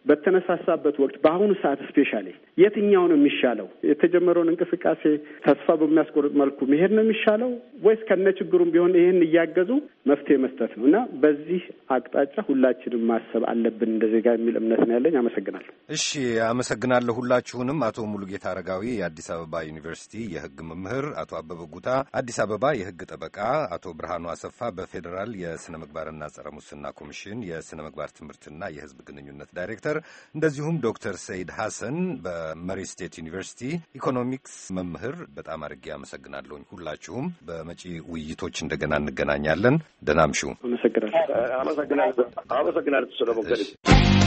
በተነሳሳበት ወቅት በአሁኑ ሰዓት ስፔሻሊ የትኛው ነው የሚሻለው? የተጀመረውን እንቅስቃሴ ተስፋ በሚያስቆርጥ መልኩ መሄድ ነው የሚሻለው ወይስ ከነ ችግሩም ቢሆን ይህን እያገዙ መፍትሄ መስጠት ነው? እና በዚህ አቅጣጫ ሁላችንም ማሰብ አለብን እንደ ዜጋ የሚል እምነት ነው ያለኝ። አመሰግናለሁ። እሺ፣ አመሰግናለሁ ሁላችሁንም። አቶ ሙሉጌታ አረጋዊ የአዲስ አበባ ዩኒቨርሲቲ የህግ መምህር፣ አቶ አበበ ጉታ አዲስ አበባ የህግ ጠበቃ፣ አቶ ብርሃኑ አሰፋ በፌዴራል የስነ ምግባርና ጸረ ሙስና ኮሚሽን የስነ ምግባር ትምህርትና የህዝብ ግንኙነት ዳይሬክተር ፕሮፌሰር እንደዚሁም ዶክተር ሰይድ ሐሰን በመሪ ስቴት ዩኒቨርሲቲ ኢኮኖሚክስ መምህር በጣም አድርጌ አመሰግናለሁኝ። ሁላችሁም በመጪ ውይይቶች እንደገና እንገናኛለን። ደህና እምሹ። አመሰግናለሁ። አመሰግናለሁ።